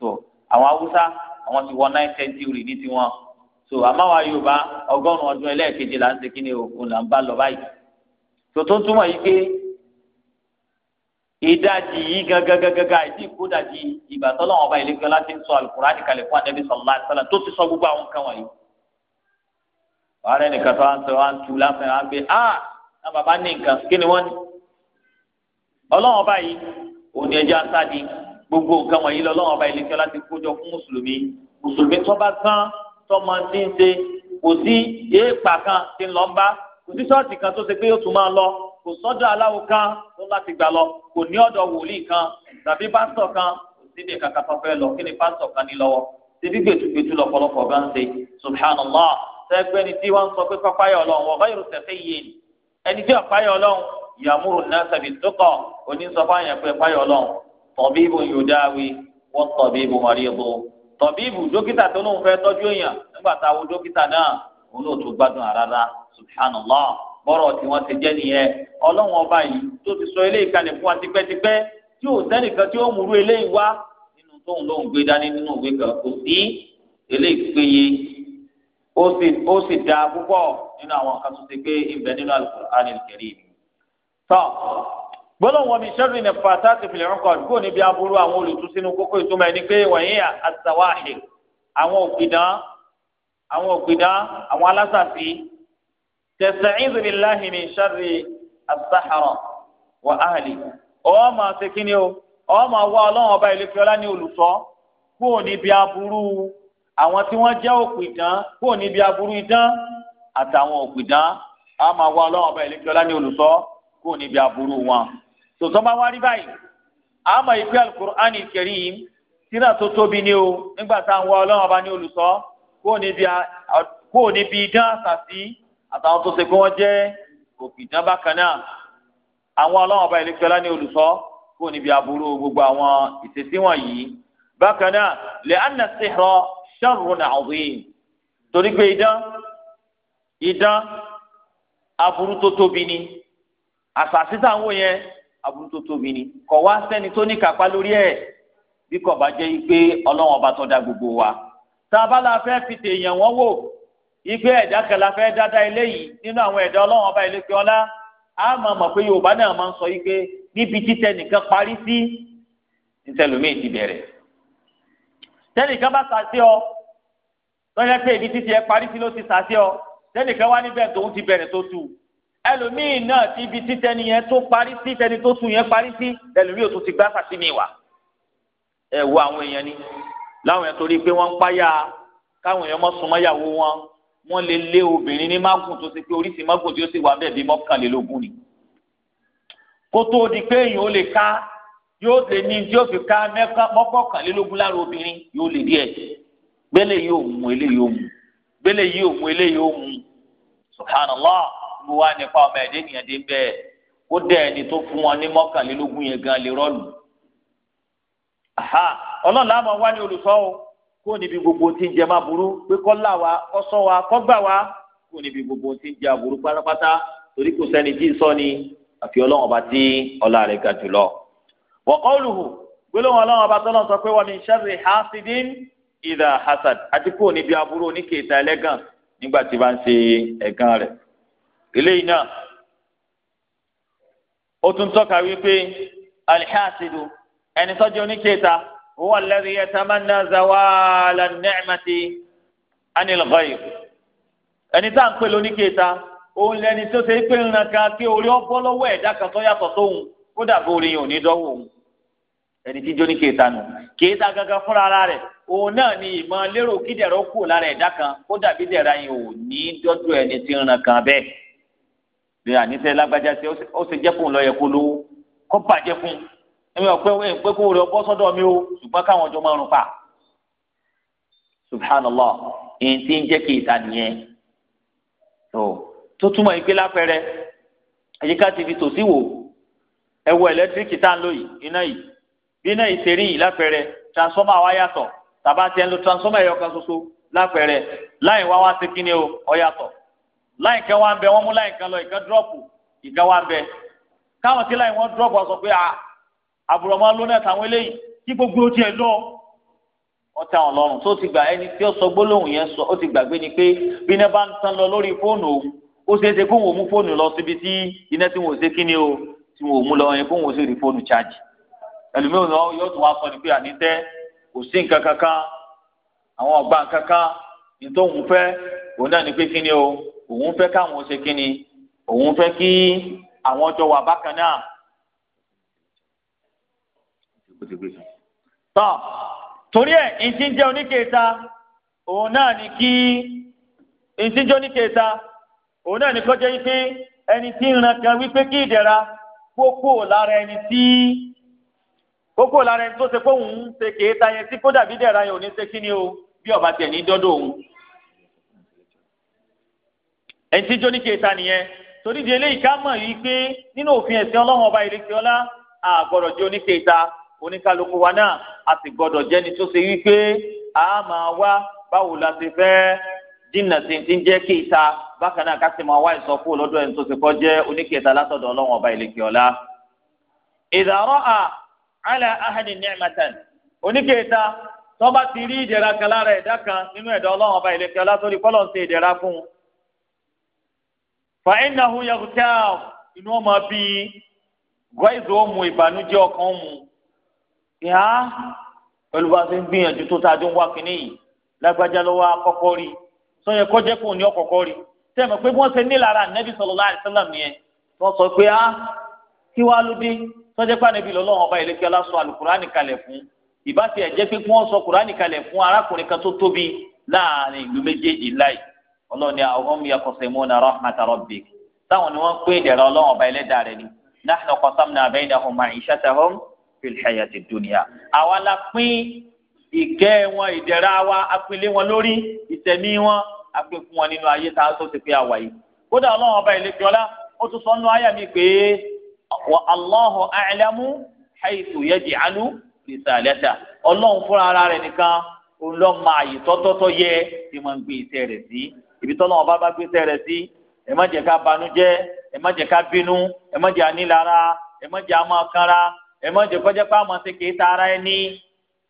tó àwọn haúsá àwọn ti wọ nine century ní tiwọn tó àmàwà yorùbá ọgọ́rùn ọdún ẹlẹ́ẹ̀kejì là ń ṣe kíni òun là ń bá lọ báyìí tó tó túmọ̀ yìí pé ìdajì yìí gàgàgàgàgà ìdí ìkódajì ìgbà tọ́lọ́wọ́n ọba ìlẹ́gbẹ́ láti sọ Al-Qur'ani kalẹ̀ fún Ànábì sallallahu alaihi wasallam tó ti sọ gbogbo àwọn nǹkan wọ̀nyí. wàhálà nìkan tó wá ń sọ wá ń tu lásán ah, ọlọ́wọ́n ọba òun ni ẹja sádi gbogbo nǹkan wọ̀nyí lọ́wọ́ ọba ilé kíọ́lá ti kójọ fún mùsùlùmí mùsùlùmí tó bá tán tó máa ti ń ṣe kò sí èèpà kan ti ń lọ bá kò sí ṣọ́ọ̀ṣì kan tó ṣe pé yóò tún máa lọ kò sọ́dọ̀ aláwo kan tó láti gbà lọ kò ní ọ̀dọ̀ wòlíì kan tàbí pásítọ̀ kan kò sí ibi kankan tó fẹ́ lọ kí ni pásítọ̀ kan ní lọ́wọ́ síbi gbẹtugbẹtu lọ́pọ̀lọpọ̀ bá ń ṣe subhanallah sẹ́gbẹ́ni tí wọ́n sọ pé pápáyọ̀ ọlọ́run wọ́n bá yòrò sẹ́fẹ́ yìí ẹni tí ọ̀páyọ̀ ọlọ́run yàmúrù náà bi tuqa onísọfà yẹn pé fáyọ̀ lọ tọ̀bíbù yudawi wọ́n tọ̀bíbù maridu tọ̀bíbù dókítà tó lóun fẹ́ tọ́jú èèyàn nígbà tá a wo dókítà náà òun ò tún gbádùn rárá subhanallah bọ́rọ̀ tí wọ́n ti jẹ́ nìyẹn ọlọ́run ọba yìí tó ti sọ eléyìí kalẹ̀ fún wa tipẹ́tipẹ́ tí ò sẹ́nìkan tí ó múrú eléyìí wá nínú tóun lóun gbé dání nínú òwe kan kò sí eléyìí péye ó sì dáa púpọ̀ nínú àwọn kan tó ti gbé ibẹ̀ nínú Al-Qur'an Al-Karim tọ́ gbọ́dọ̀ wọn mi sẹ́rù ní fàtà ti fìlẹ̀ rán kọ́ọ̀dù kó níbi aburú àwọn olùtúsínú kókó ìtumọ̀ ẹni pé wọ̀nyí àtàwáhì àwọn òpìdán àwọn òpìdán àwọn alásàsí tẹ̀sán ìzùbíláhì mi sẹ́rù àtàhàrọ̀ wà áhàlì ọ̀ọ́ máa ṣe kíni o ọ̀ọ́ máa wá ọlọ́run ọba ilé fiọ́lá ní olùṣọ́ kó níbi aburú àwọn tí wọ́n jẹ́ òpìdán kó níbi aburú idán àtàwọn òpìdán á máa wá ọlọ́run ọba ilé fiọ́lá ní olùṣọ́ kó níbi aburú wọn tòótọ́ bá wá rí báyìí àmọ́ ìpè alukur'ani karim tírà tó tóbi ni o nígbà tá à ń wá ọlọ́run ọba ní olùsọ kó níbi idán àsàsí àtàwọn tó ṣe pé wọ́n jẹ́ òkìdán bákan náà àwọn ọlọ́run ọba ní olùsọ gbogbo àwọn ìṣesí wọ̀nyí bákan náà lè torí pé ni. àṣàṣì táwọn yẹn aburú tó tóbi ni kò wá sẹ́ni tó ní kápá lórí ẹ̀ bí kò bá jẹ́ pé ọlọ́run ọba tó dá gbogbo wa tá a bá la fẹ́ fi tèèyàn wọ́n wò ipe ẹ̀dá kẹla fẹ́ dáadáa eléyìí nínú àwọn ẹ̀dá ọlọ́run ọba ìlẹ́fẹ́ ọlá á máa mọ̀ pé yorùbá náà máa ń sọ ipe níbi títẹ nìkan parí sí ntẹlómìn ti bẹ̀rẹ̀ tẹnìkan bá sàṣẹ ọ tọ́jà pé ibi títí parí sí ló ti sàṣẹ ọ tẹnìkan wá níbẹ̀ tòun ti bẹ̀rẹ̀ tó tù ẹlòmíì náà ti ibi títẹni yẹn tó parí sí tẹni tó sùn yẹn parí sí ẹlòmíì ò ti gbá sàṣì mi wà ẹ wo àwọn èèyàn ni láwọn yẹn torí pé wọ́n ń páyà káwọn èèyàn mọ́ súnmọ́ yàwó wọn wọ́n lè lé obìnrin ní mágùn tó ṣe pé oríṣi mágùn tí ó sì wà bẹ́ẹ̀ bí mọ́kànlélógún ni kó tó di pé èèyàn ó lè ká yóò lè ní tí ó fi ká mọ́kànlélógún lára obìnrin yóò lè díẹ̀ gbélé yóò mú eléyìí ó mú gbélé yóò mú eléyìí ó mú subhanallah ló wá nípa ọmọ ẹ̀dẹ́ nìyẹn dé bẹ́ẹ̀ ó dẹ̀ ẹni tó fún wọn ní mọ́kànlélógún yẹn gan lè rọ́ọ̀lù. ọlọ́run láàmú wá ní olùsọ́ o kó níbi gbogbo tí ń jẹ má burú pé kọ́ là wá kọ́ sọ́ wa kọ́ gbà wá kó níbi gbogbo tí jẹ aburú pátápátá torí kò sẹ́ni tí ì sọ ni àfi ọlọ́run ọba tí ọlá rẹ̀ ga jùlọ. wọ́kọ́lùhù gbólóhùn ọlọ́run ọba tọ́lọ́ sọ pé wọ́n ní sharri hasidin idha hasad àti kó níbi aburú oníkèéta ẹlẹ́gàn nígbà tí bá ń ṣe ẹ̀gàn rẹ̀ eléyìí náà ó tún tọ́ka wípé alihasidu ẹni tọ́jú oníkẹta huwa alladhi yatamanna zawala ni'mati anil ghayr ẹni tá à ń pè lóníkẹta òun lẹni tó ṣe pé ńlá kan kí orí ọbọ lọ́wọ́ ẹ̀dá kan tó yàtọ̀ sóhun kódà bó orin yìí ò ní òun ẹni tí jóni kéèta nù kéèta gangan fúnra ara rẹ̀ òun náà ni ìmọ̀ lérò kídẹ̀rọ̀ kù lára ẹ̀dá kan kódà bí dẹ̀ra yìí ò ní dọ́dọ̀ ẹni tí ń kan bẹ́ẹ̀ bí àníṣe lágbájá ṣe ó ṣe jẹ́ fún un lọ́yẹ kó lówó kó bàjẹ́ fún un ẹ̀mí ọ̀pẹ́ wẹ̀ pé kó rẹ̀ bọ́ sọ́dọ̀ mi o ṣùgbọ́n káwọn ọjọ́ máa rún pa. subhanallah èyí tí ń jẹ́ kí ìta nìyẹn tó tó túmọ̀ yìí pé lápẹẹrẹ àyíká ti fi tòsí wò ẹ wo ẹ̀lẹ́tíríkì tá à ń lò yìí iná yìí bí iná yìí ṣe rí yìí lápẹẹrẹ transformer wa yàtọ̀ tàbá ti ẹ̀ ń lo transformer ẹ̀yọkan ṣoṣo lápẹẹrẹ láì wá wá sí kíni o ọ yàtọ̀ láìka wá ń bẹ wọ́n mú láìka lọ ìka dúrọ́pù ìka wá ń bẹ káwọn tí láì wọ́n dúrọ́pù sọ pé ah, àbúrò máa lónà táwọn eléyìí tí gbogbo tiẹ̀ lọ wọ́n tẹ àwọn lọ́rùn tó ti gbà ẹni tí ó sọ gbólóhùn yẹn sọ ó ti gbàgbé ni pé bí iná bá ń tan lọ lórí fóònù òun ó ṣeé ṣe kóhùn òmú fóònù lọ síbi tí iná tí wọn ò ṣe kí ni o tí wọn ò mú lọ yẹn kóhùn ó rí fóònù chájì ẹlòmíràn náà yóò tún wá sọ ni pé àní tẹ kò sí nǹkan kankan àwọn ọgbà kankan ní tóun òun náà ni pé kí ni o òun fẹ́ káwọn ṣe kí ni òun fẹ́ kí àwọn jọ wà bákan náà. tọ́ torí ẹ̀ ìsíjẹ́ oníkèéta òun náà ni kí ìsíjẹ́ oníkèéta òun náà ni kọjá yìí pé ẹni tí ń ran kan wípé kí ìdẹ̀ra kókó lára ẹni tí kókó lára ẹni tó ṣe pé òun ṣe kèéta yẹn tí kó dàbí dẹ̀ra yẹn ò ní ṣe kí o bí ọba tẹ̀ ní dọ́dọ̀ òun. ẹ̀ǹtí ịta kẹta nìyẹn torí di eléyìí ká mọ̀ yìí pé nínú òfin ẹsẹ ọlọ́run ọba ìrètí ọlá àgbọ̀dọ̀ jóní kẹta oníkálukú wa náà a sì gbọ́dọ̀ jẹ́ni tó ṣe pé a máa wá báwo ti fẹ́ jìnnà ti ń jẹ́ kẹta bákan náà ká sì máa wá ẹni tó ṣe oníkẹta ọlọ́run ọba ìrètí ọlá. ìdàrọ́ à ala ahadi ni'matan oníkẹta tọ́ba ti rí ìdẹ̀ra fàáyínàhù yàgùtà inú ọmọ bí gbọ́ìzò ọmọ izu ọmụ mu ìhá ọmụ ń gbìyànjú tó tàdó ń wá kínní yìí lágbájá lọ́wọ́ akọ́kọ́ rí sọyẹ kọjá kò ní ọkọ̀kọ́ rí tẹ́mọ̀ pé wọ́n ṣe nílára nẹ́bí sallallahu alaihi wasallam yẹn wọ́n sọ pé a kí wàá ọba aláṣọ alukurani fún pé sọ kurani ọlọ́run ni àwọn yaqsimuna rahmata rabbik táwọn ni wọ́n pé ìdẹ̀rẹ̀ ọlọ́run ọba ẹlẹ́dàá rẹ ni nahnu qasamna baynahum ma'ishatahum fil hayati dunya. àwa la pín ìkẹ́ wọn ìdẹ̀ra wa apilé wọn lórí ìtẹ̀mí wọn apẹ́ fún wọn nínú ayé tá a tó ti pé àwà yìí. kódà ọlọ́run ọba ìlẹ́kẹ́ ọlá ó tún sọ nínú àyà mi pé ọlọ́run fúnra ara rẹ̀ nìkan òun lọ́ọ́ máa yìí tọ́tọ́tọ́ yẹ ibi tọ́lọ́ ọba bá bá gbé sẹ́rẹ̀ sí ẹ má jẹ́ ká banújẹ́ ẹ má jẹ́ ká bínú ẹ kanra ẹ má jẹ́ kọjá pé ta ara ẹni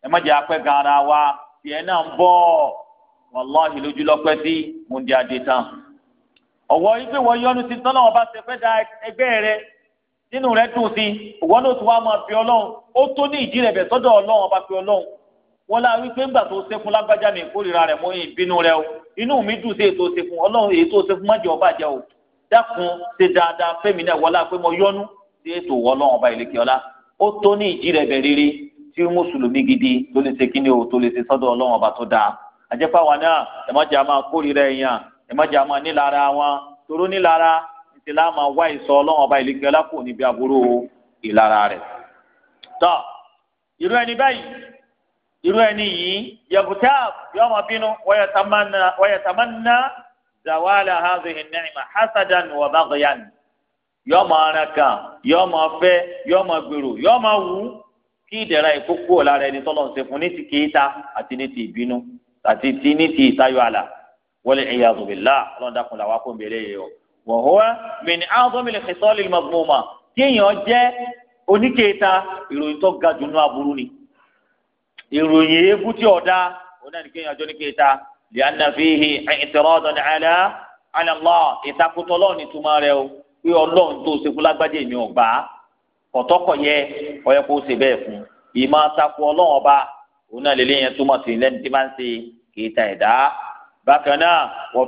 ẹ má jẹ́ apẹ́ gan ara wa tiẹ̀ náà ń bọ̀ wàláhì lójú lọ́pẹ́ sí wọ yọnu tọ́lọ́ ẹgbẹ́ rẹ nínú rẹ sí náà tún wá máa fi ọlọ́run rẹ̀ bẹ̀ sọ́dọ̀ ọlọ́run ọba fi ọlọ́run wọn la wípé ńgbà tó ṣe fún lágbájá mi ìkórìíra rẹ̀ mọ́ ìbínú rẹ̀ o inú mi dùn sí ètò ṣe fún ọlọ́run ètò ṣe fún májẹ̀ ọba jẹ́ o dákun ṣe dáadáa fẹ́mi náà wọlá pé mo yọnu sí ètò ọlọ́run ọba ìlẹ́kẹ̀ ọlá ó tó ní ìjì rẹ̀ bẹ̀ rere tí mùsùlùmí gidi tó lè ṣe kíni o tó lè ṣe sọ́dọ̀ ọlọ́run ọba tó dáa àjẹpá wa náà ẹ má jẹ́ a máa kórìíra èèyàn ẹ má jẹ́ a máa nílara wọn toró nílara ìtìlá máa wá ìsọ ọlọ́run ọba ìlẹ́kẹ̀ ọlá kò níbi àbúrò ìlara rẹ̀ tọ́ irú irú ẹni yìí yàgùtà yóò máa bínú wọ́yàtàmánà zawala hazihi ni'ma hasadan wa baghyan yóò máa rán kan yóò máa fẹ́ yóò máa gbèrò yóò máa wù kí ìdẹ̀ra ìkókó lára ẹni tọ́lọ̀ ń ṣe fún ní ti kéèta àti ní ti ìbínú àti ti ní ti ìtayọ àlà wọlé ẹ̀yà ọlọ́dà kun làwọn akó ń bẹ̀rẹ̀ yìí o wa huwa min a'zami al-khisal al-madhmuma kéèyàn jẹ́ oníkéèta ìròyìn tó ga jù nínú aburú ni. ìròyìn eégún tí ọ̀dá ọ̀dá ni kéèyàn jọ ní kéèta lẹ́yìn fíhi ìtẹ̀rọ̀dọ̀ ní àlá àlàlá ìtakùtọ̀ ọlọ́run ní túmọ̀ rẹ o pé ọlọ́run tó ṣekú lágbájá èmi yẹ ọyẹ kó ṣe bẹ́ẹ̀ fún ìmọ̀ àtakù ọlọ́run ọba ọ̀nà lélẹ́ yẹn túmọ̀ sí lẹ́ni tí máa ń ṣe kéèta ẹ̀dá bákan náà wọ́n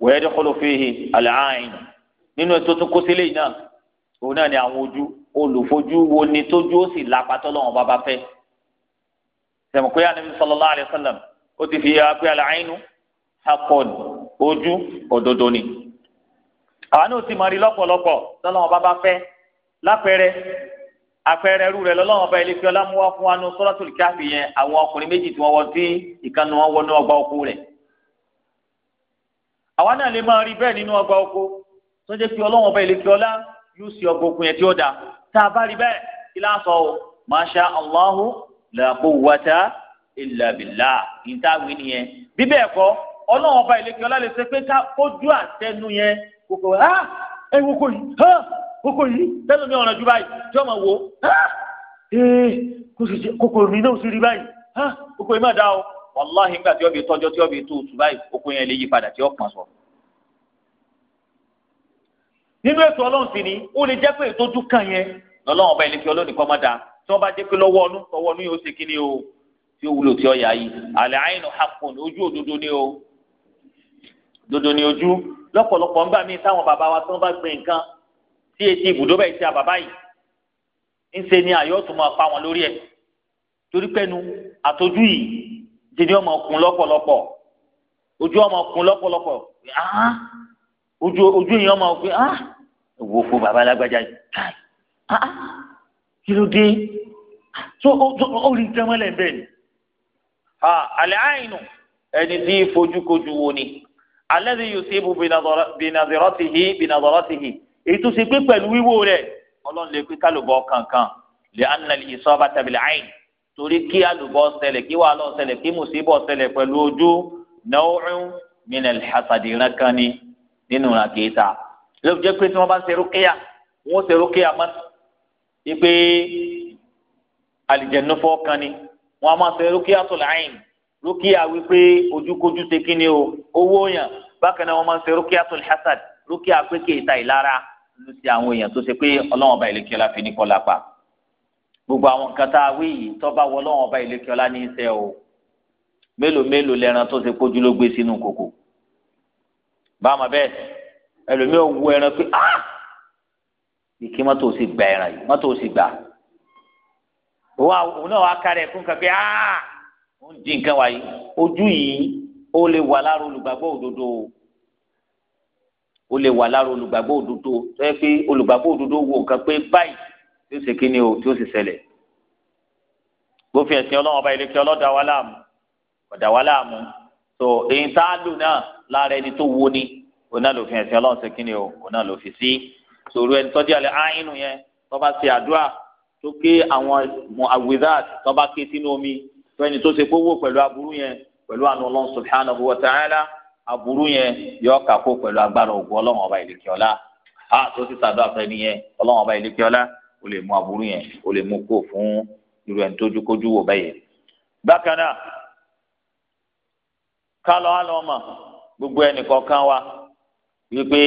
ويدخل فيه العائن nínú ètò tó kó sílé yìí náà òun náà ni àwọn ojú olùfojú wo ni tójú ó sì lápàtọ́ lọ́wọ́n bá bá fẹ́ sẹ̀mùkúyà níbi sallallahu alayhi wa sallam ó ti fi apẹ́ àlàáyínú hakọ́ọ̀nù ojú òdodo ni àwọn náà ti mọ rí lọ́pọ̀lọpọ̀ tọ́lọ́wọ́n bá bá fẹ́ lápẹẹrẹ apẹẹrẹ ẹrú rẹ lọ́lọ́wọ́n bá ilé fi fún wa nù suratul Kahfi yẹn àwọn ọkùnrin méjì tí wọ́n wọ sí ìkànnì wọn wọnú ọgbà ọkú rẹ̀ àwa náà lè máa rí bẹ́ẹ̀ nínú ọgbà oko tó jẹ́ pé ọlọ́wọ́n ọba ìlẹ̀kẹ́ ọlá yóò ṣe ọgbà oko yẹn tí ó dáa tá a bá rí bẹ́ẹ̀ kí láà sọ o masha allahu la quwwata illa billah níta nìyẹn bí bẹ́ẹ̀ kọ́ ọlọ́wọ́n ọba ìlẹ̀kẹ́ ọlá lè ṣe pé kójú àtẹnu yẹn kókò ha ẹ wo kò yìí ha kókò yìí tẹ́lẹ̀ mi ọ̀ràn ju báyìí tí ọmọ wo ha ee kòkòrò mi náà sì rí báyìí ha kókò wàláhì nígbà tí ó bí tọ́jọ́ tí ó bí tó oṣù báyìí okun yẹn lè yí padà tí ó pọ̀n sọ. nínú ètò ọlọ́run sì ni ó lè jẹ́ pé ìtọ́jú kan yẹn lọ́lọ́run ọba ìlẹ́fẹ́ olónìí kọ́ má da tí wọ́n bá jẹ́ pé lọ́wọ́ ọdún lọ́wọ́ ọdún yóò ṣe kí ni o tí ó wúlò tí ó yà yìí àlẹ́ àyìnà hapò ní ojú òdodo ni o dodo ni ojú lọ́pọ̀lọpọ̀ ń gbà mí táwọn bàbá wa tí wọ́n bá gbé nǹkan tí etí ibùdó bẹ́ẹ̀ ti àbàbá yìí ń ṣe ni àyọ̀tún máa pa wọn lórí ẹ̀ torí pẹ́nu àtọ́jú yìí jíde ọmọ kun lọ́pọ̀lọpọ̀ ojú ọmọ kun lọ́pọ̀lọpọ̀ ah ojú ojú yìí ọmọ kun ah! wo fún baba alágbájá káì ah, ah, kí ló dé tó ó rí nǹkan mọ́lẹ̀ ni àlẹ́ àìnù ẹni tí fojúkojú wo ni alẹ́ ni yusibu bìnàdọ́rọ́tìhì bìnàdọ́rọ́tìhì èyí tó ṣe pé pẹ̀lú wíwò rẹ̀ ọlọ́run lè pín kálùbọ̀ kankan lè ànàlì ìsọ́ bàtàbílẹ̀ àìnù torí kí àlùbọ ṣẹlẹ̀ kí wàhálà ṣẹlẹ̀ kí mùsíbọ ṣẹlẹ̀ pẹ̀lú ojú náwó minal hasadi rankan ni nínú àkéta ló jẹ pé tí wọn bá ṣe rúkìá wọn ṣe rúkìá mọ ipe àlìjẹnu fọkàn ni wọn a máa ṣe rúkìá tó láyìn rúkìá wípé ojúkojú ṣe kí ni o owó yàn bákan náà wọn máa ṣe rúkìá tó hasad rúkìá pé kéèta ìlara lu ti àwọn èèyàn tó ṣe pé ọlọ́wọ́n bá ilé kí ọlá fi ní kọ́ lápá gbogbo àwọn nǹkan tá a wí yìí tọ́ba wọ lọ́wọ́n ọba ìlẹ́kẹ́ ọlá ní í sẹ́ o mélòó mélòó lẹ́ran tó ṣe kójú ló gbé sínú kòkò báwọn bẹ́ẹ̀ ẹlòmíì ò wo ẹran pé ah ìkí mọ́tò sì gba ẹran yìí mọ́tò sì gbà wa òun náà wà á kárẹ̀ fún kan pé ah ó ń di nǹkan wáyé ojú yìí ó lè wà lára olùgbàgbọ́ òdodo ó lè wà lára olùgbàgbọ́ òdodo tó yẹ pé olùgbàgbọ́ òdodo wo nǹkan pé báyìí tí ó ṣe kí ni o tí ó sì ṣẹlẹ̀ gbófin ẹ̀sìn ọlọ́run ọba ilé kí ọlọ́dà wa láàmú ọ̀dà wa láàmú tó èyí tá a lù náà lára ẹni tó wo ni òun náà lòfin ẹ̀sìn ọlọ́run ṣe kí ni o òun náà lòfin sí sòrò ẹni tọ́jú àlẹ́ áyínú yẹn tó bá ṣe àdúrà tó ké àwọn àwìdáàt tó bá ké sínú omi tó ẹni tó ṣe kówó pẹ̀lú aburú yẹn pẹ̀lú àánú ọlọ́run subhanahu wa ta'ala aburú yẹn yọ kàkó pẹ̀lú agbára ògùn ọlọ́run ọba ìlẹ̀kẹ́ ọlá a ah, tó ti ṣàdúrà fẹ́ nìyẹn ọlọ́run ọba ìlẹ̀kẹ́ ọlá o lè mú aburú yẹn o lè mú kó fún irú ẹni tójú kójú wò báyìí. bákan náà kálọ̀ á lọ mọ̀ gbogbo ẹnì kọ̀ọ̀kan wa wípé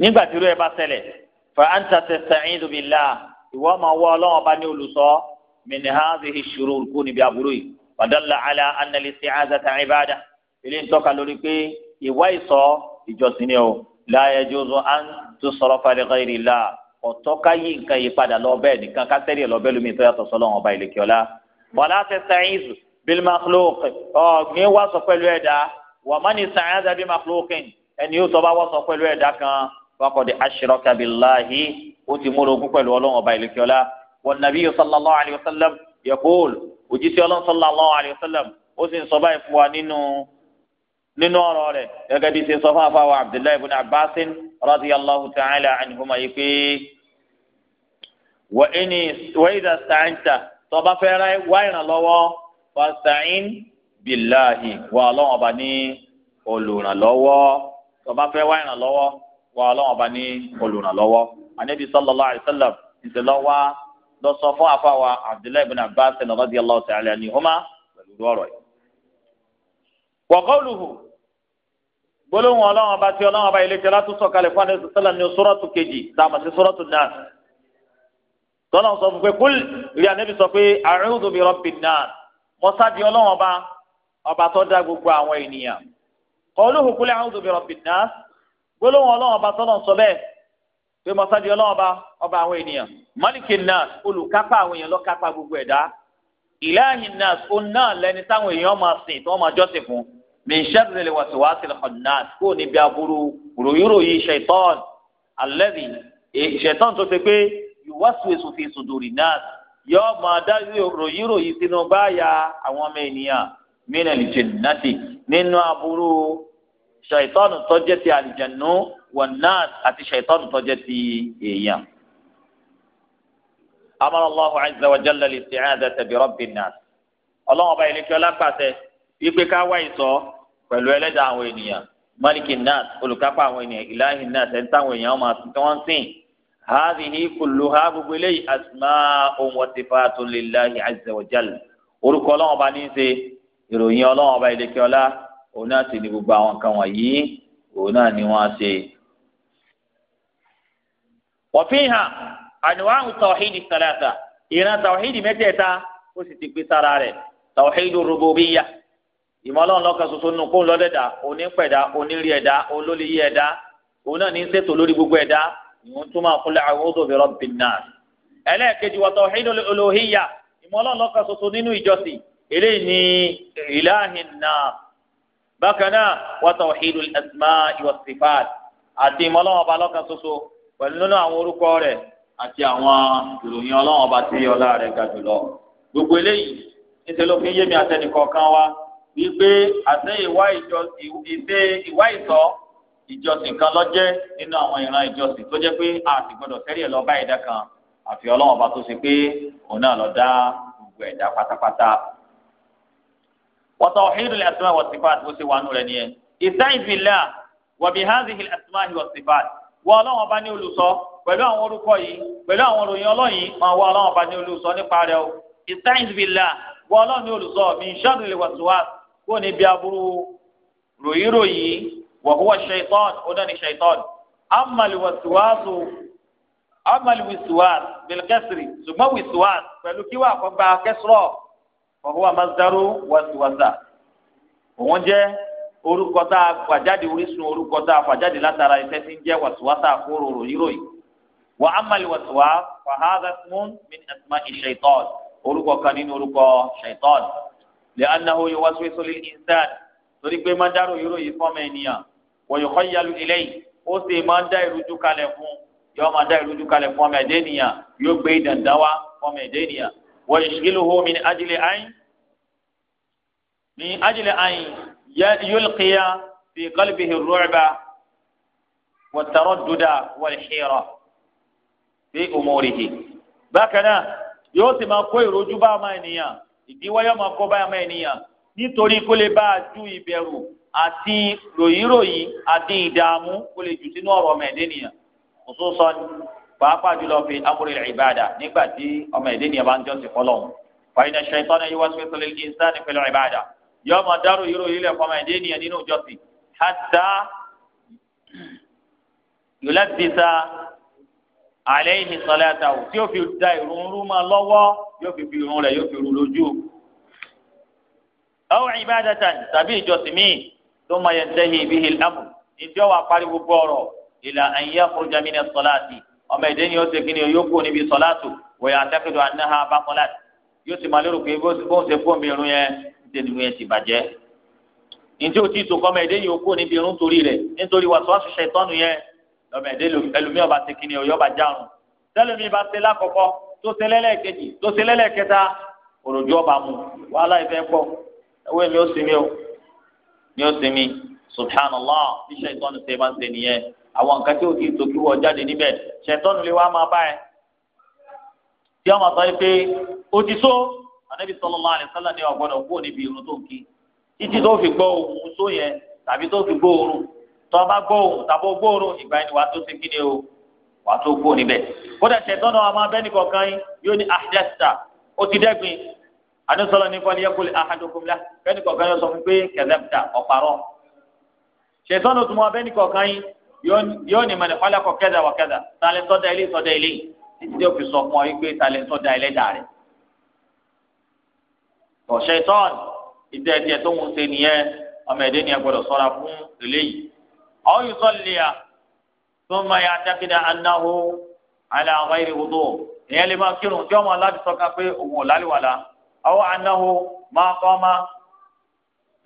nígbà tí irú ẹ bá ṣẹlẹ̀ fa anta tasta'idhu billah ìwọ máa wọ ọlọ́wọ́n bá ní olùsọ min hadhihi shurur kú níbi aburú yìí wadalla ala anna al-isti'azata ibada ilé ń lórí pé ìwá ìsọ ìjọsìn ni o la yajuzu an tusrafa li ghayri Allah ọ̀tọ́ ká yí nǹkan yìí padà lọ bẹ́ẹ̀ nìkan ká tẹ́lẹ̀ lọ bẹ́ẹ̀ lómi tó yàtọ̀ sọ́lọ́run ọba ìlẹ̀kẹ́ ọ̀la. wàlá tastaiz bil makhluq ọ̀gbìn wá sọ pẹ̀lú ẹ̀dá wa man ista'aza bi makhluqin ẹni yóò tọ́ bá wá sọ pẹ̀lú ẹ̀dá kan faqad ashraka billahi ó ti múra ogún pẹ̀lú ọlọ́run ọba ìlẹ̀kẹ́ ọ̀la. wan nabiyyu sallallahu alayhi wa sallam yaqul òjíṣẹ́ ọlọ́run wa idha sta'anta tó bá fẹ́ wá ìrànlọ́wọ́ fasta'in billahi wà ọlọ́run ọba ní olùrànlọ́wọ́ tó bá fẹ́ wá ìrànlọ́wọ́ wà ọlọ́run ọba ní olùrànlọ́wọ́ anabi sallallahu alayhi wa sallam ìṣèlọ́wọ́ lọ sọ fún àfàwà abdullahi ibn abbas radiyallahu ta'ala anhuma pẹ̀lú ọ̀rọ̀ yìí. wa gbólóhùn ọlọ́run ọba tí ọlọ́run ọba ilé tẹ́lá tún sọ̀kalẹ̀ fún àdéhùn sọ́lá ní sọ́rọ́tù kejì dàmọ̀ tọ́lá sọ fún pé kúl rí anabi sọ pé a'udhu bi rabbin nas mọ́sáàdì ọlọ́run ọba ọba tó dá gbogbo àwọn ènìyàn qawluhu kúl a'udhu bi rabbin nas gbólóhùn ọlọ́run ọba tọ́lá sọ bẹ́ẹ̀ pé mọ́sáàdì ọlọ́run ọba ọba àwọn ènìyàn malikin nas olùkápá àwọn èèyàn lọ́kápá gbogbo ẹ̀dá ilahin nas òun náà lẹni táwọn èèyàn máa sìn tó yuwaswisu fi suduri nas yóò máa dá ròyìn ròyìn sínú báyà àwọn ọmọ ènìyàn min al-jinnati nínú aburú ṣàìtọ́nù tó jẹ́ ti àlìjẹ̀nú wan nas àti ṣàìtọ́nù tó jẹ́ ti èèyàn. amara Allahu azza wa jalla al-isti'adata bi rabbin nas ọlọ́wọ́n bá ilé kí ọlá pàṣẹ wípé ká wá ìṣọ́ pẹ̀lú ẹlẹ́dàá àwọn ènìyàn malikin nas olùkápá àwọn ènìyàn ilahin هذه كلها بقولي أسماء وصفات لله عز وجل orúkọ ọlọ́run ọba ní í ṣe ìròyìn ọlọ́run ọba ìlẹ́kẹ́ ọlá òun náà sì ní gbogbo àwọn nǹkan wọ̀nyí òun náà ni wọ́n ṣe. wọ̀fíhà àníwáhùn tàwáhídì sàlàtà ìran tàwáhídì mẹ́tẹ̀ẹ̀ta lọ́dẹ̀dà onípẹ̀dá onírí ẹ̀dá òun náà ní í ṣètò lórí gbogbo ẹ̀dá ìwọ̀n tó máa kúnlẹ̀ a'udhu bi rabbin nas. ẹlẹ́ẹ̀kejì wa tawhidul uluhiyya ìmọ̀lọ́lọ́kan ṣoṣo nínú ìjọsìn eléyìí ni ilahin nas. bákan náà wa tawhidul asma'i was sifat àti ìmọ̀lọ́wọ́ba lọ́kan ṣoṣo pẹ̀lú nínú àwọn orúkọ rẹ̀ àti àwọn ìròyìn ọlọ́wọ́n bá ti ọlá rẹ̀ ga jùlọ. gbogbo eléyìí níṣẹ́ ló fi yé mi àtẹnìkọ̀ọ̀kan wa wípé àtẹ̀yìnwá ìjọ ìwá ìsọ ìjọsìn kan lọ́jẹ́ nínú àwọn ìran ìjọsìn tó jẹ́ pé a sì gbọ́dọ̀ tẹ́lẹ̀ ẹ̀ lọ bá ẹ̀dá kan àfi ọlọ́run ọba tó ṣe pé òun náà lọ dá gbogbo ẹ̀dá pátápátá. wa tawhidul asma wa sifat ṣe wà nù rẹ̀ nìyẹn. ìsáyìn fìlà wa bi hadhihi al asma ọlọ́run ọba ní olùsọ pẹ̀lú àwọn orúkọ yìí pẹ̀lú àwọn òròyìn ọlọ́yìn máa wọ ọlọ́run ọba ní olùsọ nípa rẹ̀ o. ìsáyìn fìlà wọ ọlọ́run ní olùsọ min sharril waswas kó ní bí aburú ròyìnròyìn وهو الشيطان ودني شيطان أما الوسواس أما الوسواس بالكسر ثم وسواس فلكوا فبا كسرا فهو مصدر وسوسة òun jẹ́ orúkọ tá a fàjáde orísun orúkọ tá a fàjáde látara iṣẹ́ tí ń jẹ́ wàsíwàsá kóróró yíròyìn wà á mali wàsíwà fàhádà mún min asma ìṣètọ́n orúkọ kan nínú orúkọ ṣètọ́n lè anahu yóò wá sóyè sólè ìnsán torí pé má dárò yíròyìn fọ́mọ ènìyàn wọ̀nyí kọ́ yalu ilé yìí ó sì máa ń dá ìrújú kalẹ̀ fún yóò máa dá ìrújú kalẹ̀ fún ọmọ ẹ̀dẹ́ nìyà yóò gbé dandan wá ọmọ ẹ̀dẹ́ nìyà wọ̀nyí ṣìlú homi ní ajílẹ̀ ayin ní ajílẹ̀ ayin yulqiya fi qalbihi ar-ru'ba wat-taradduda wal fi umurihi bákan náà yóò sì máa kó ìrújú bá ọmọ ènìyàn ìdíwọ́ máa kó bá ọmọ ènìyàn nítorí kó bá a ju ìbẹ̀rù àti ròyìnròyìn àti ìdààmú kó lè jù sínú ọ̀rọ̀ ọmọ ẹ̀dẹ́ nìyẹn òṣùṣọ́ ni pàápàá jùlọ fi amúre ìbàdà nígbà tí ọmọ ẹ̀dẹ́ nìyẹn bá ń jọ́sìn fọlọ́hún fàyínà ṣẹ̀tọ́n náà yíwá sọ́kẹ́ sọ́lẹ́ ìgbín sáà ní pẹ̀lú ìbàdà yọ ọmọ dárò yìí lẹ̀ fọmọ ẹ̀dẹ́ nìyẹn nínú ìjọsìn hàtà yòlẹ́bìsà àlẹ́yìn sọ́lẹ́ àtàwọ̀ tí yóò fi da ìrun rú lọ́wọ́ yóò fi fi ìrun rẹ̀ yóò fi rú lójú. ọ̀hún ìbàdà tàbí ìjọsìn míì thumma yantahi bihi al-amr ìjọ wa parí gbogbo ọ̀rọ̀ ìlà an yakhruja min as-salati ọmọ ìdẹ́ni yóò ṣe kíni yóò kú níbi sọ̀láàtù wa ya'taqidu annaha batalat yóò ti máa lérò pé bó ń ṣe fún mi irun yẹn nítorí irun yẹn ti bàjẹ́ njẹ́ o ti tó kọ́ ọmọ ẹ̀dẹ́ yìí o kú níbi irun torí rẹ̀ nítorí wàásù wàásù ṣẹ̀tọ́nù yẹn ọmọ ẹ̀dẹ́ ni ó subhanallah bí ṣe máa ń ṣe nìyẹn àwọn nǹkan tí ó ti tòkí wọ jáde níbẹ̀ ṣètọ́nù lè wá máa anabi ni ọgbọdọ kúrò níbi irun tó ń kí títí tó fi gbọ́ yẹn tàbí tó fi gbọ́ tó bá gbọ́ tàbí gbọ́ ìgbà yẹn ni tó ṣe kí ni o tó anisọlọ ní fọlí ẹkùn ahadukumla bẹ́ẹ̀ni kọ̀ọ̀kan yóò sọ fún pé kẹlẹpta ọparọ ṣètọ́nù tó mọ bẹ́ẹ̀ni kọ̀ọ̀kan yìí yóò ní mọ̀nì fọlẹ́kọ̀ kẹ́dà wà kẹ́dà tàlẹ́ sọ́dà ilé sọ́dà ilé fi sọ fún ọ yìí pé tàlẹ́ sọ́dà ilé dà rẹ̀. tó ń ṣe nìyẹn ọmọ ẹ̀dẹ́ ni ẹ gbọ́dọ̀ sọ́ra fún eléyìí. ọ̀hún tó máa yà dákìdá anáhó aláwọ̀ ìrìwòdò ìyẹn lè máa kírun tí ọmọ aláàbí sọ àwọn anahu máa kọ́ ma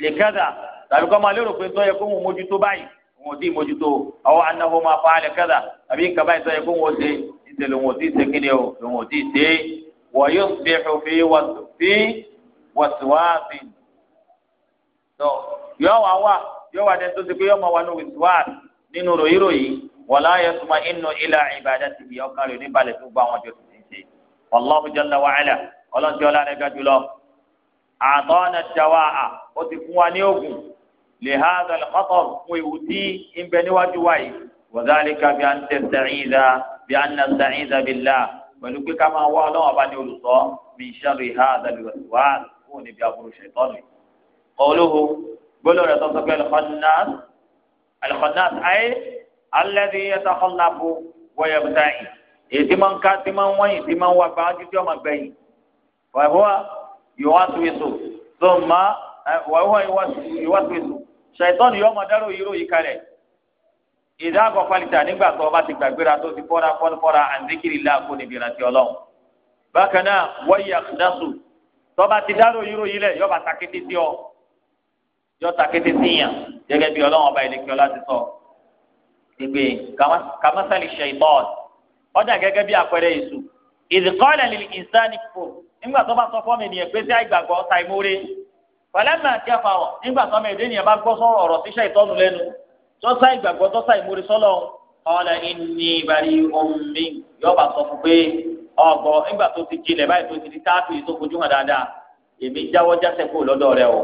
lèkẹ́dà tàbí kọ́ máa lérò pé tó yẹ kó wọn mójútó báyìí wọn ò tí ì mójútó àwọn anahu máa fa lèkẹ́dà tàbí nǹkan báyìí tó yẹ kó wọn ṣe ìṣe lòun ò tí ì ṣe kíni o lòun ò tí ì ṣe wọ́n yóò fi fi wàsíwáàsì yọ wá wá yọ wá dẹ́n tó ti pé yọ máa wà ní wàsíwáàsì nínú ròyìnròyìn wọ́n láyé súnmọ́ inú ilà ìbàdàn ti bí ọkàn rẹ̀ níbalẹ̀ tó gbọ́ àwọn tuntun ṣe. Allahu jalla wa ala ọlọ́run tí ọlá rẹ̀ ga jùlọ àtọ́nà ṣàwà à ó ti fún wa ní oògùn lè ha àgbàlẹ̀ kọ́tọ̀ fún ewu tí ń bẹ níwájú wa yìí wàzálíkà bí a ń tẹ sàìdà bí a ń na sàìdà billah pẹ̀lú pé ká máa wá ọlọ́run ọba ní olùsọ mi ń ṣàlù ìhà àdàlù wá kó o níbi àbúrò ṣètọ́nù qawluhu gbọ́dọ̀ rẹ̀ tọ́sọ pé al-khannas al-khannas ayé alladhi yatakhallafu wa yabta'i èyí tí máa ń ká tí máa ń wáyìn tí máa ń wá pa á títí ọmọ gbẹ̀yìn wàhùwà yòówá tuwèso tó má wàhùwà yòówá tuwèso ṣàìtọ́nù yóò máa dárò yìí ròyìn kalẹ̀ ìdá àkọ́kọ́lìtà nígbà tó o bá ti gbàgbéra tó ti fọ́ra fọ́ra àǹdékìrì láàkó níbi ìrántí ọlọ́run bákan náà wọ́yà dásù tó bá ti dárò yìí ròyìn lẹ̀ yọba takété sí ọ yọ takété sí yàn gẹ́gẹ́ bí ọlọ́run ọba ìlẹ̀kẹ́ ọlá ti sọ ọ̀dà gẹ́gẹ́ bí àpẹẹrẹ èṣù ìdíkọ́lẹ̀ lè ìsáni fò nígbà tó bá sọ fọ́ọ̀mù ènìyàn pé sí àìgbàgbọ́ tàìmóore pẹ̀lẹ́mà kẹfà ọ̀ nígbà tó ọmọ èdè ènìyàn bá gbọ́ sọ̀rọ̀ ọ̀rọ̀ tíṣà ìtọ́nu lẹ́nu tó sá ìgbàgbọ́ tó sá ìmóore sọ́lọ̀ ọ̀lẹ̀ ìní ìbàrí omi yọba sọ fún pé ọgbọ nígbà tó ti jinlẹ̀ báyìí tó ti di táàpì tó fojú hàn dáadáa èmi jáwọ́ jáṣẹ́ kó lọ́dọ̀ rẹ o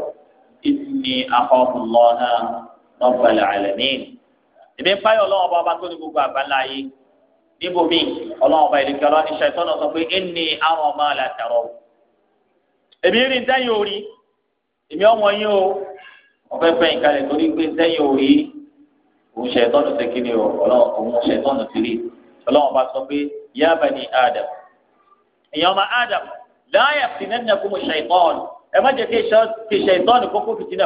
ìní àkọ́kùn lọ́nà lọ́gbàlẹ̀ àlẹ́ ní. èmi ń fáyọ̀ lọ́wọ́ bá ọba tó ní gbogbo àgbáńlá yìí níbòmí ọlọ́run ọba ìlẹ̀kẹ́ ọlọ́run ní ṣàìtọ́nà sọ pé ẹnì àwọn ọmọ àlàtàrọ̀ èmi rìn sẹ́yìn òrí èmi ọmọ yín o ọ̀fẹ́ fẹ́ ìkàlẹ̀ torí pé sẹ́yìn òrí òun ṣàìtọ́nà ṣe kí ni o ọlọ́run òun ṣàìtọ́nà ti rí ọlọ́run ọba sọ pé yá bani Adam èèyàn ọmọ Adam láàyè fìnnẹ́nìyàkùn mo ṣàìtọ́nù ẹ má jẹ́ kí ṣàìtọ́nù kókó fìtínà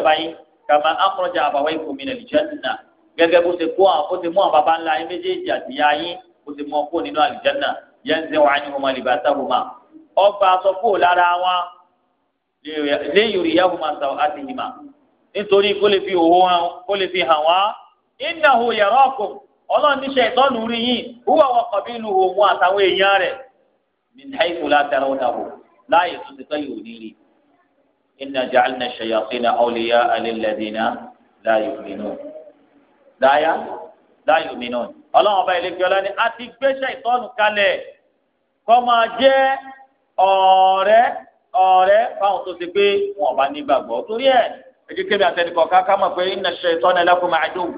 kó kó ti mú ọkọ nínú àlìjánà yẹn ṣe wàá ní wọn máa lè bá sáwọn máa ọba aṣọ kó lára wọn lè yòrì yàwó máa sọ àti yìí máa nítorí kó lè fi òwò hàn kó lè fi hàn wá innahu yarakum ọlọ́run níṣẹ́ ìtọ́nù rí yín huwa wa qabiluhu òun àtàwọn èèyàn rẹ̀ min haythu la tarawnahum láàyè tó ti tọ́yì òní rí inna ja'alna shayatina awliya'a lilladhina la yu'minun dáyà la yu'minun ọlọ́run ọba ìlẹ́gbẹ́ ọlá ni a ti gbéṣẹ́ ìtọ́nù kalẹ̀ kọ́ máa jẹ́ ọ̀rẹ́ ọ̀rẹ́ fáwọn tó ṣe pé wọn ọba nígbàgbọ́ torí ẹ̀ ẹjẹ kébì àtẹnukọ káká mọ̀ pé iná ṣètọ́nù ẹlẹ́kùn máa dùn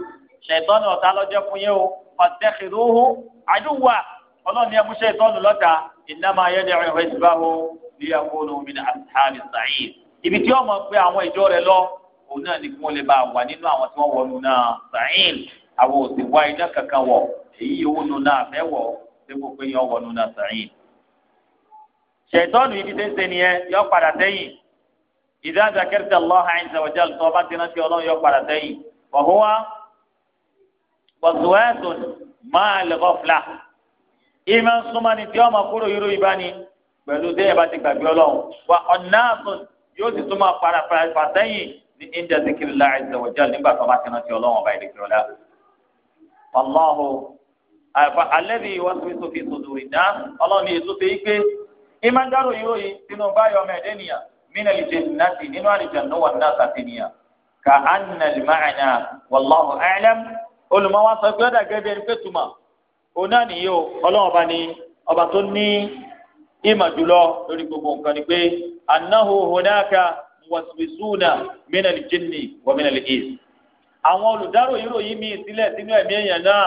ṣètọ́nù ọ̀tá lọ́jọ́ fún yín o ọ̀tẹ́kìrúhù àdúwà ọlọ́run ni ẹmúṣẹ́ ìtọ́nù lọ́ta iná máa yẹ ní ọ̀rẹ́ ìṣúbáwò ní ẹkún omi ní àtàmì sàyìn ibi àwọn ò sì wá iná kankan wọ̀ èyí yòówù nù náà fẹ́ wọ̀ dépò pé yọ wọ̀ nù náà sàyìn. ṣètọ́nù ibi tó ń ṣe nìyẹn yọ padà sẹ́yìn ìdá zakẹ́rìtà Allah azza wa jalla tó bá ti rántí ọlọ́run yọ padà sẹ́yìn ọ̀hún wa wàzúwẹ́sùn máa lè gọ́fìlà ìmọ̀ súnmọ́ni tí ọmọ kúrò yúrò yìí bá ní pẹ̀lú déyẹ̀ bá ti gbàgbé ọlọ́run wà ọ̀nàtún wàláhù alẹ́bí wọn tó tó fi tòdò ìdá ọlọ́run yìí tó ṣe yí pé ìmọ̀dáró yóò yí sínú báyọ̀ ọmọ ẹ̀dẹ́ nìyà mínàlì jẹ́ nàti nínú àlìjẹ̀nù wà náà sàtìníyà ka annal ma'ana wàláhù a'lam olùmọ̀wá sọ pé ọ̀dà gẹ́gẹ́ bí ẹni pé tuma òun náà nìyí o ọlọ́run ọba ni ọba tó ní ìmọ̀ jùlọ lórí gbogbo nǹkan ni pé annahu hunaka muwaswisuna mínàlì jinni wa mínàlì is àwọn olùdárò yìí ròyìn míì sílẹ̀ sínú ẹ̀mí èèyàn náà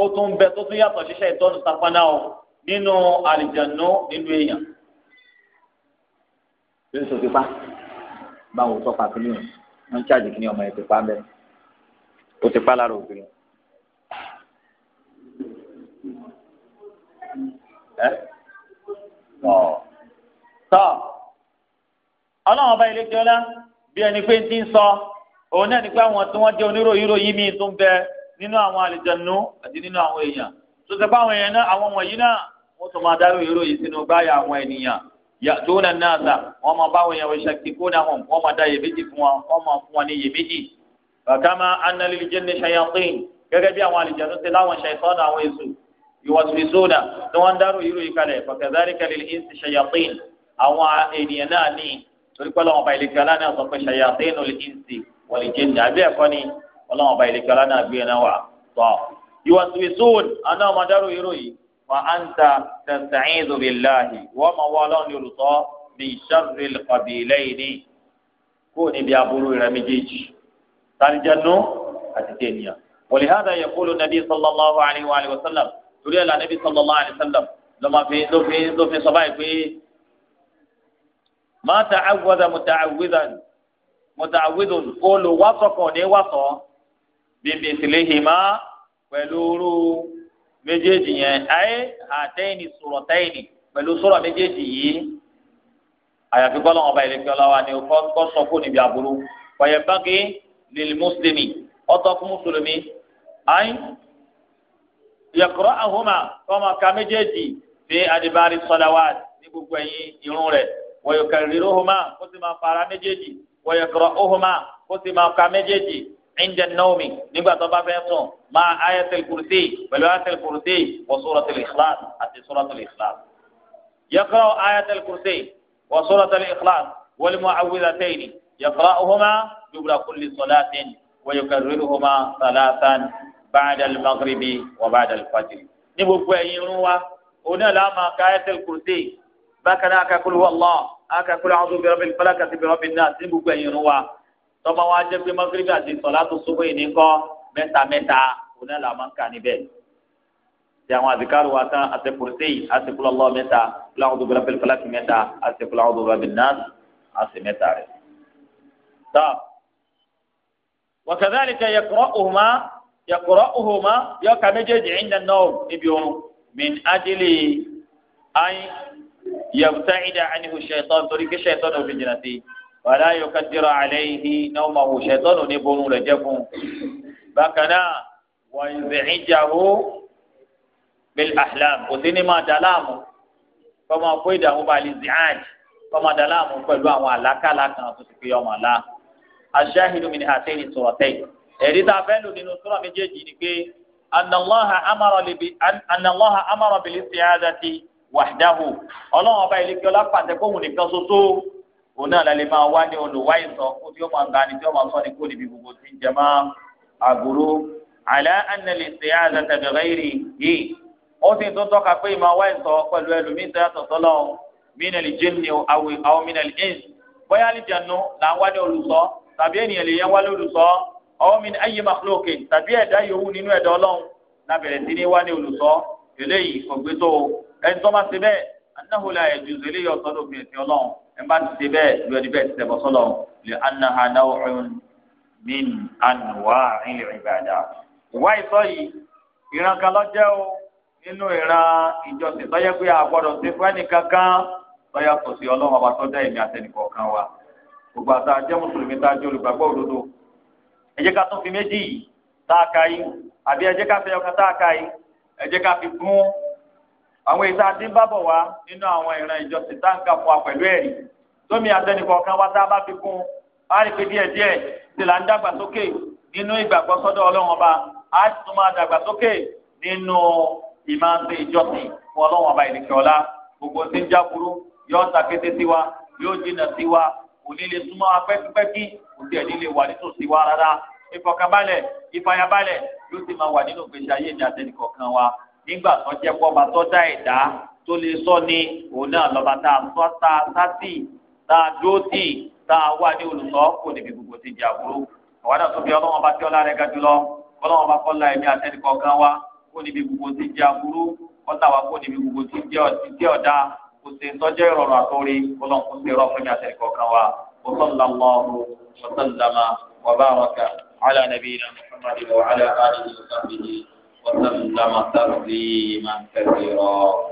ó tún ń bẹ tó tún yàtọ̀ ṣiṣẹ́ ìtọ́nu sapana o nínú àlìjànú nínú èèyàn. yóò sọ pípa báwo tó pa kínní o wọn ń ṣáàjì kínní ọmọ yẹn pípa bẹ́ẹ̀ ó ti pa lára òkè tọ́ ọlọ́run ọba ilé jọlá bí ẹni pé ti ń sọ òun náà nípa àwọn tí wọ́n jẹ́ oníròyìn ròyìn míì tó ń bẹ nínú àwọn àlìjẹnu àti nínú àwọn èèyàn tó sọ pé àwọn èèyàn náà àwọn wọ̀nyí náà wọ́n tó máa dárò ìròyìn sínú báyà àwọn ènìyàn yàtò náà náà sà wọ́n máa báwọn èèyàn wọ̀nyí ṣàkí kó náà hàn máa dá iyèméjì fún wọn wọ́n máa fún wọn ní iyèméjì. bàkàmà analiljanni shayatin gẹ́gẹ́ bí àwọn àlìjẹnu ṣe láwọn ṣàìtọ́nù àwọn èso ìwọ̀sùnìsónà wọlé jẹni àbí ẹkọ ni Ọlọ́run ọba ìlẹkẹ ọlá náà gbé ẹ náà wà tọ ìwà tó ìṣòwòn àná ọmọ dárò irú yìí wà á ń ta tẹsán billahi wọn máa wọ Ọlọ́run ní olùtọ bí sharri al-qabilayn ni kó níbi aburú rẹ méjèèjì tàlìjánu àti tẹnìyà wọlé hàdà yaqulu nàbí sallallahu nàbí sallallahu alayhi wa sallam muta'awwidun olùwàsọ̀ kan ní wàsọ̀ bimithlihima pẹ̀lú orú méjèèjì yẹn ayé àtẹ́yìnì suratayni pẹ̀lú sọ̀rọ̀ méjèèjì yìí àyàfi kọ́lọ́ ọba ìlẹ́kẹ́ ọlọ́wà ni ó kọ́ sọ kó níbi àbúrú wọ̀nyẹ̀ báńkì lil mùsùlùmí ọ̀tọ̀ fún mùsùlùmí ayé yẹ̀kọ́rọ́ àhùmá ọmọ ká méjèèjì fi adibari sọ̀dáwà ní gbogbo ẹ̀yìn irun rẹ̀ wọ̀nyẹ̀ kẹrìndínlóhùmá ó sì máa fara méjèèjì ويقرأهما قسم كامجيجي عند النوم نبقى طبعا بيسون مع آية الكرسي والآية الكرسي وسورة الإخلاص حتى سورة الإخلاص يقرأ آية الكرسي وسورة الإخلاص والمعوذتين يقرأهما قبل كل صلاة ويكررهما ثلاثا بعد المغرب وبعد الفجر نبقى ينوى هنا لما آية الكرسي bákan náà akakulu wàllọ akakulu àwọn obìnrin bíi falaka ti bìrọ̀ bíi náà sí gbogbo ẹ̀yìn wa tọ́ba wa jẹ́ pé magrebi àti sọ̀lá tó sọ́kọ́ yìí ní kọ́ mẹ́ta mẹ́ta òun náà làwọn ń kà níbẹ̀ ti àwọn àdìkárò wa tán àtẹkùrẹ́sẹ̀ yìí àtẹkùlọ́lọ́ mẹ́ta kùlàwọn obìnrin bíi falaka mẹ́ta àtẹkùlàwọn obìnrin bíi náà àti mẹ́ta rẹ̀. tọ́ yabta'ida anhu shaitan torí kí shaitan ò fi jìnnà sí wàlá yukaddiru alayhi nawmahu shaitan ò ní borun rẹ̀ jẹ́ fún un. bákan náà wọ́n yuz'ijahu bil ahlam kò sí ní máa dàlámù kọ́mọ kó ìdààmú bá lè zìhàn kọ́mọ dàlámù pẹ̀lú àwọn àlákàlà kan tó ti fi ọmọ àlá. aṣáhìlú mi ni àtẹ́yìn sọ̀rọ̀ tẹ́yìn ẹ̀rí tá a fẹ́ lò nínú sura méjèèjì ni pé anallaha amara bil isti'adati wàhídáhù ọlọ́run ọba ìlẹ́kẹ́ ọlápàtẹ kóhùn nìkan ṣoṣo òun náà lálẹ́ máa wá ní olùwáìsàn kó tí ó máa ń ga ni tí ó máa sọ ní kó níbi gbogbo tí ń jẹ máa àgùrú àlẹ́ ànàlẹ́ ṣe é àzàtà bẹ̀rẹ̀ yìí ó sì tún tọ́ka pé ìmọ̀ wáìsàn pẹ̀lú ẹlòmíín tó yàtọ̀ sọ́lọ́run mínàlì jẹ́ni àwọn mínàlì ẹ̀ǹsì bóyá alìjẹnu là ń wá ní olùsọ tàbí ènìyàn lè yẹn wá lólùsọ ọwọ́ mi ayé makulóke tàbí ẹ̀dá yòówù nínú ẹ̀dá ọlọ́run lábẹ̀rẹ̀ sí ní wá ní olùsọ eléyìí kò ẹni tó bá ṣe bẹ́ẹ̀ annahu la yajuzu ilé yọ sọ́dọ̀ fi ẹ̀sìn ọlọ́run ẹ̀ bá ti ṣe bẹ́ẹ̀ lu ẹni bẹ́ẹ̀ ti ṣẹ̀bọ̀ sọ́lọ̀ lè annaha naw'un min anwa'il ibada. ìwá ìsọ yìí ìran kan lọ jẹ́ o nínú ìran ìjọsìn tọ́yẹ pé a gbọ́dọ̀ ṣe fún ẹnì kankan tọ́yà kò sí ọlọ́run ọba tó dá àtẹnìkọ̀ọ̀kan wa àwọn ètò àti ń bábọ̀ wá nínú àwọn ìran ìjọsìn táǹkà fún wa pẹ̀lú ẹ̀rí lómi àtẹnìkọ̀ọ̀kan wá tá a bá fi kún a rí pé díẹ̀ díẹ̀ sì là ń dàgbà sókè nínú ìgbàgbọ́ sọ́dọ̀ ọlọ́run ọba a sì tún máa dàgbà sókè nínú ìmáàntì ìjọsìn fún ọlọ́run ọba ìdíkẹ́ ọ̀la gbogbo tí ń já burú yóò ta kété sí wa yóò jìnnà sí wa kò ní lè súnmọ́ apẹ́kípẹ́kí kò tiẹ̀ ní lè wà nítòsí wa rárá ìfọ̀kànbalẹ̀ ìfàyàbalẹ̀ yóò ti máa wà nínú ìgbésí ayé ní àtẹnìkọ̀ọ̀kan wa nígbà tó jẹ́ pọ́ba tó dá ẹ̀dá tó lè sọ ni òun náà lọ́ba tá a sọ tá a sátì tá a dúró tì tá a wà ní olùsọ kò níbi gbogbo ti di àbúrò àwọn náà tó fi ọlọ́wọ́n bá tí ọlá rẹ̀ ga jùlọ ọlọ́wọ́n bá kọ́ la ẹ̀mí àtẹnìkọ̀ kan wá kó níbi gbogbo ti di àbúrò kọ́tà wá kó níbi gbogbo ti di ọ̀dà kò sí tọ́jú ìrọ̀rùn àtọ́rí ọlọ́wọ́n kò sí ìrọ̀rùn fún mi àtẹnìkọ̀ kan wá وصلى وسلم تسليما كثيرا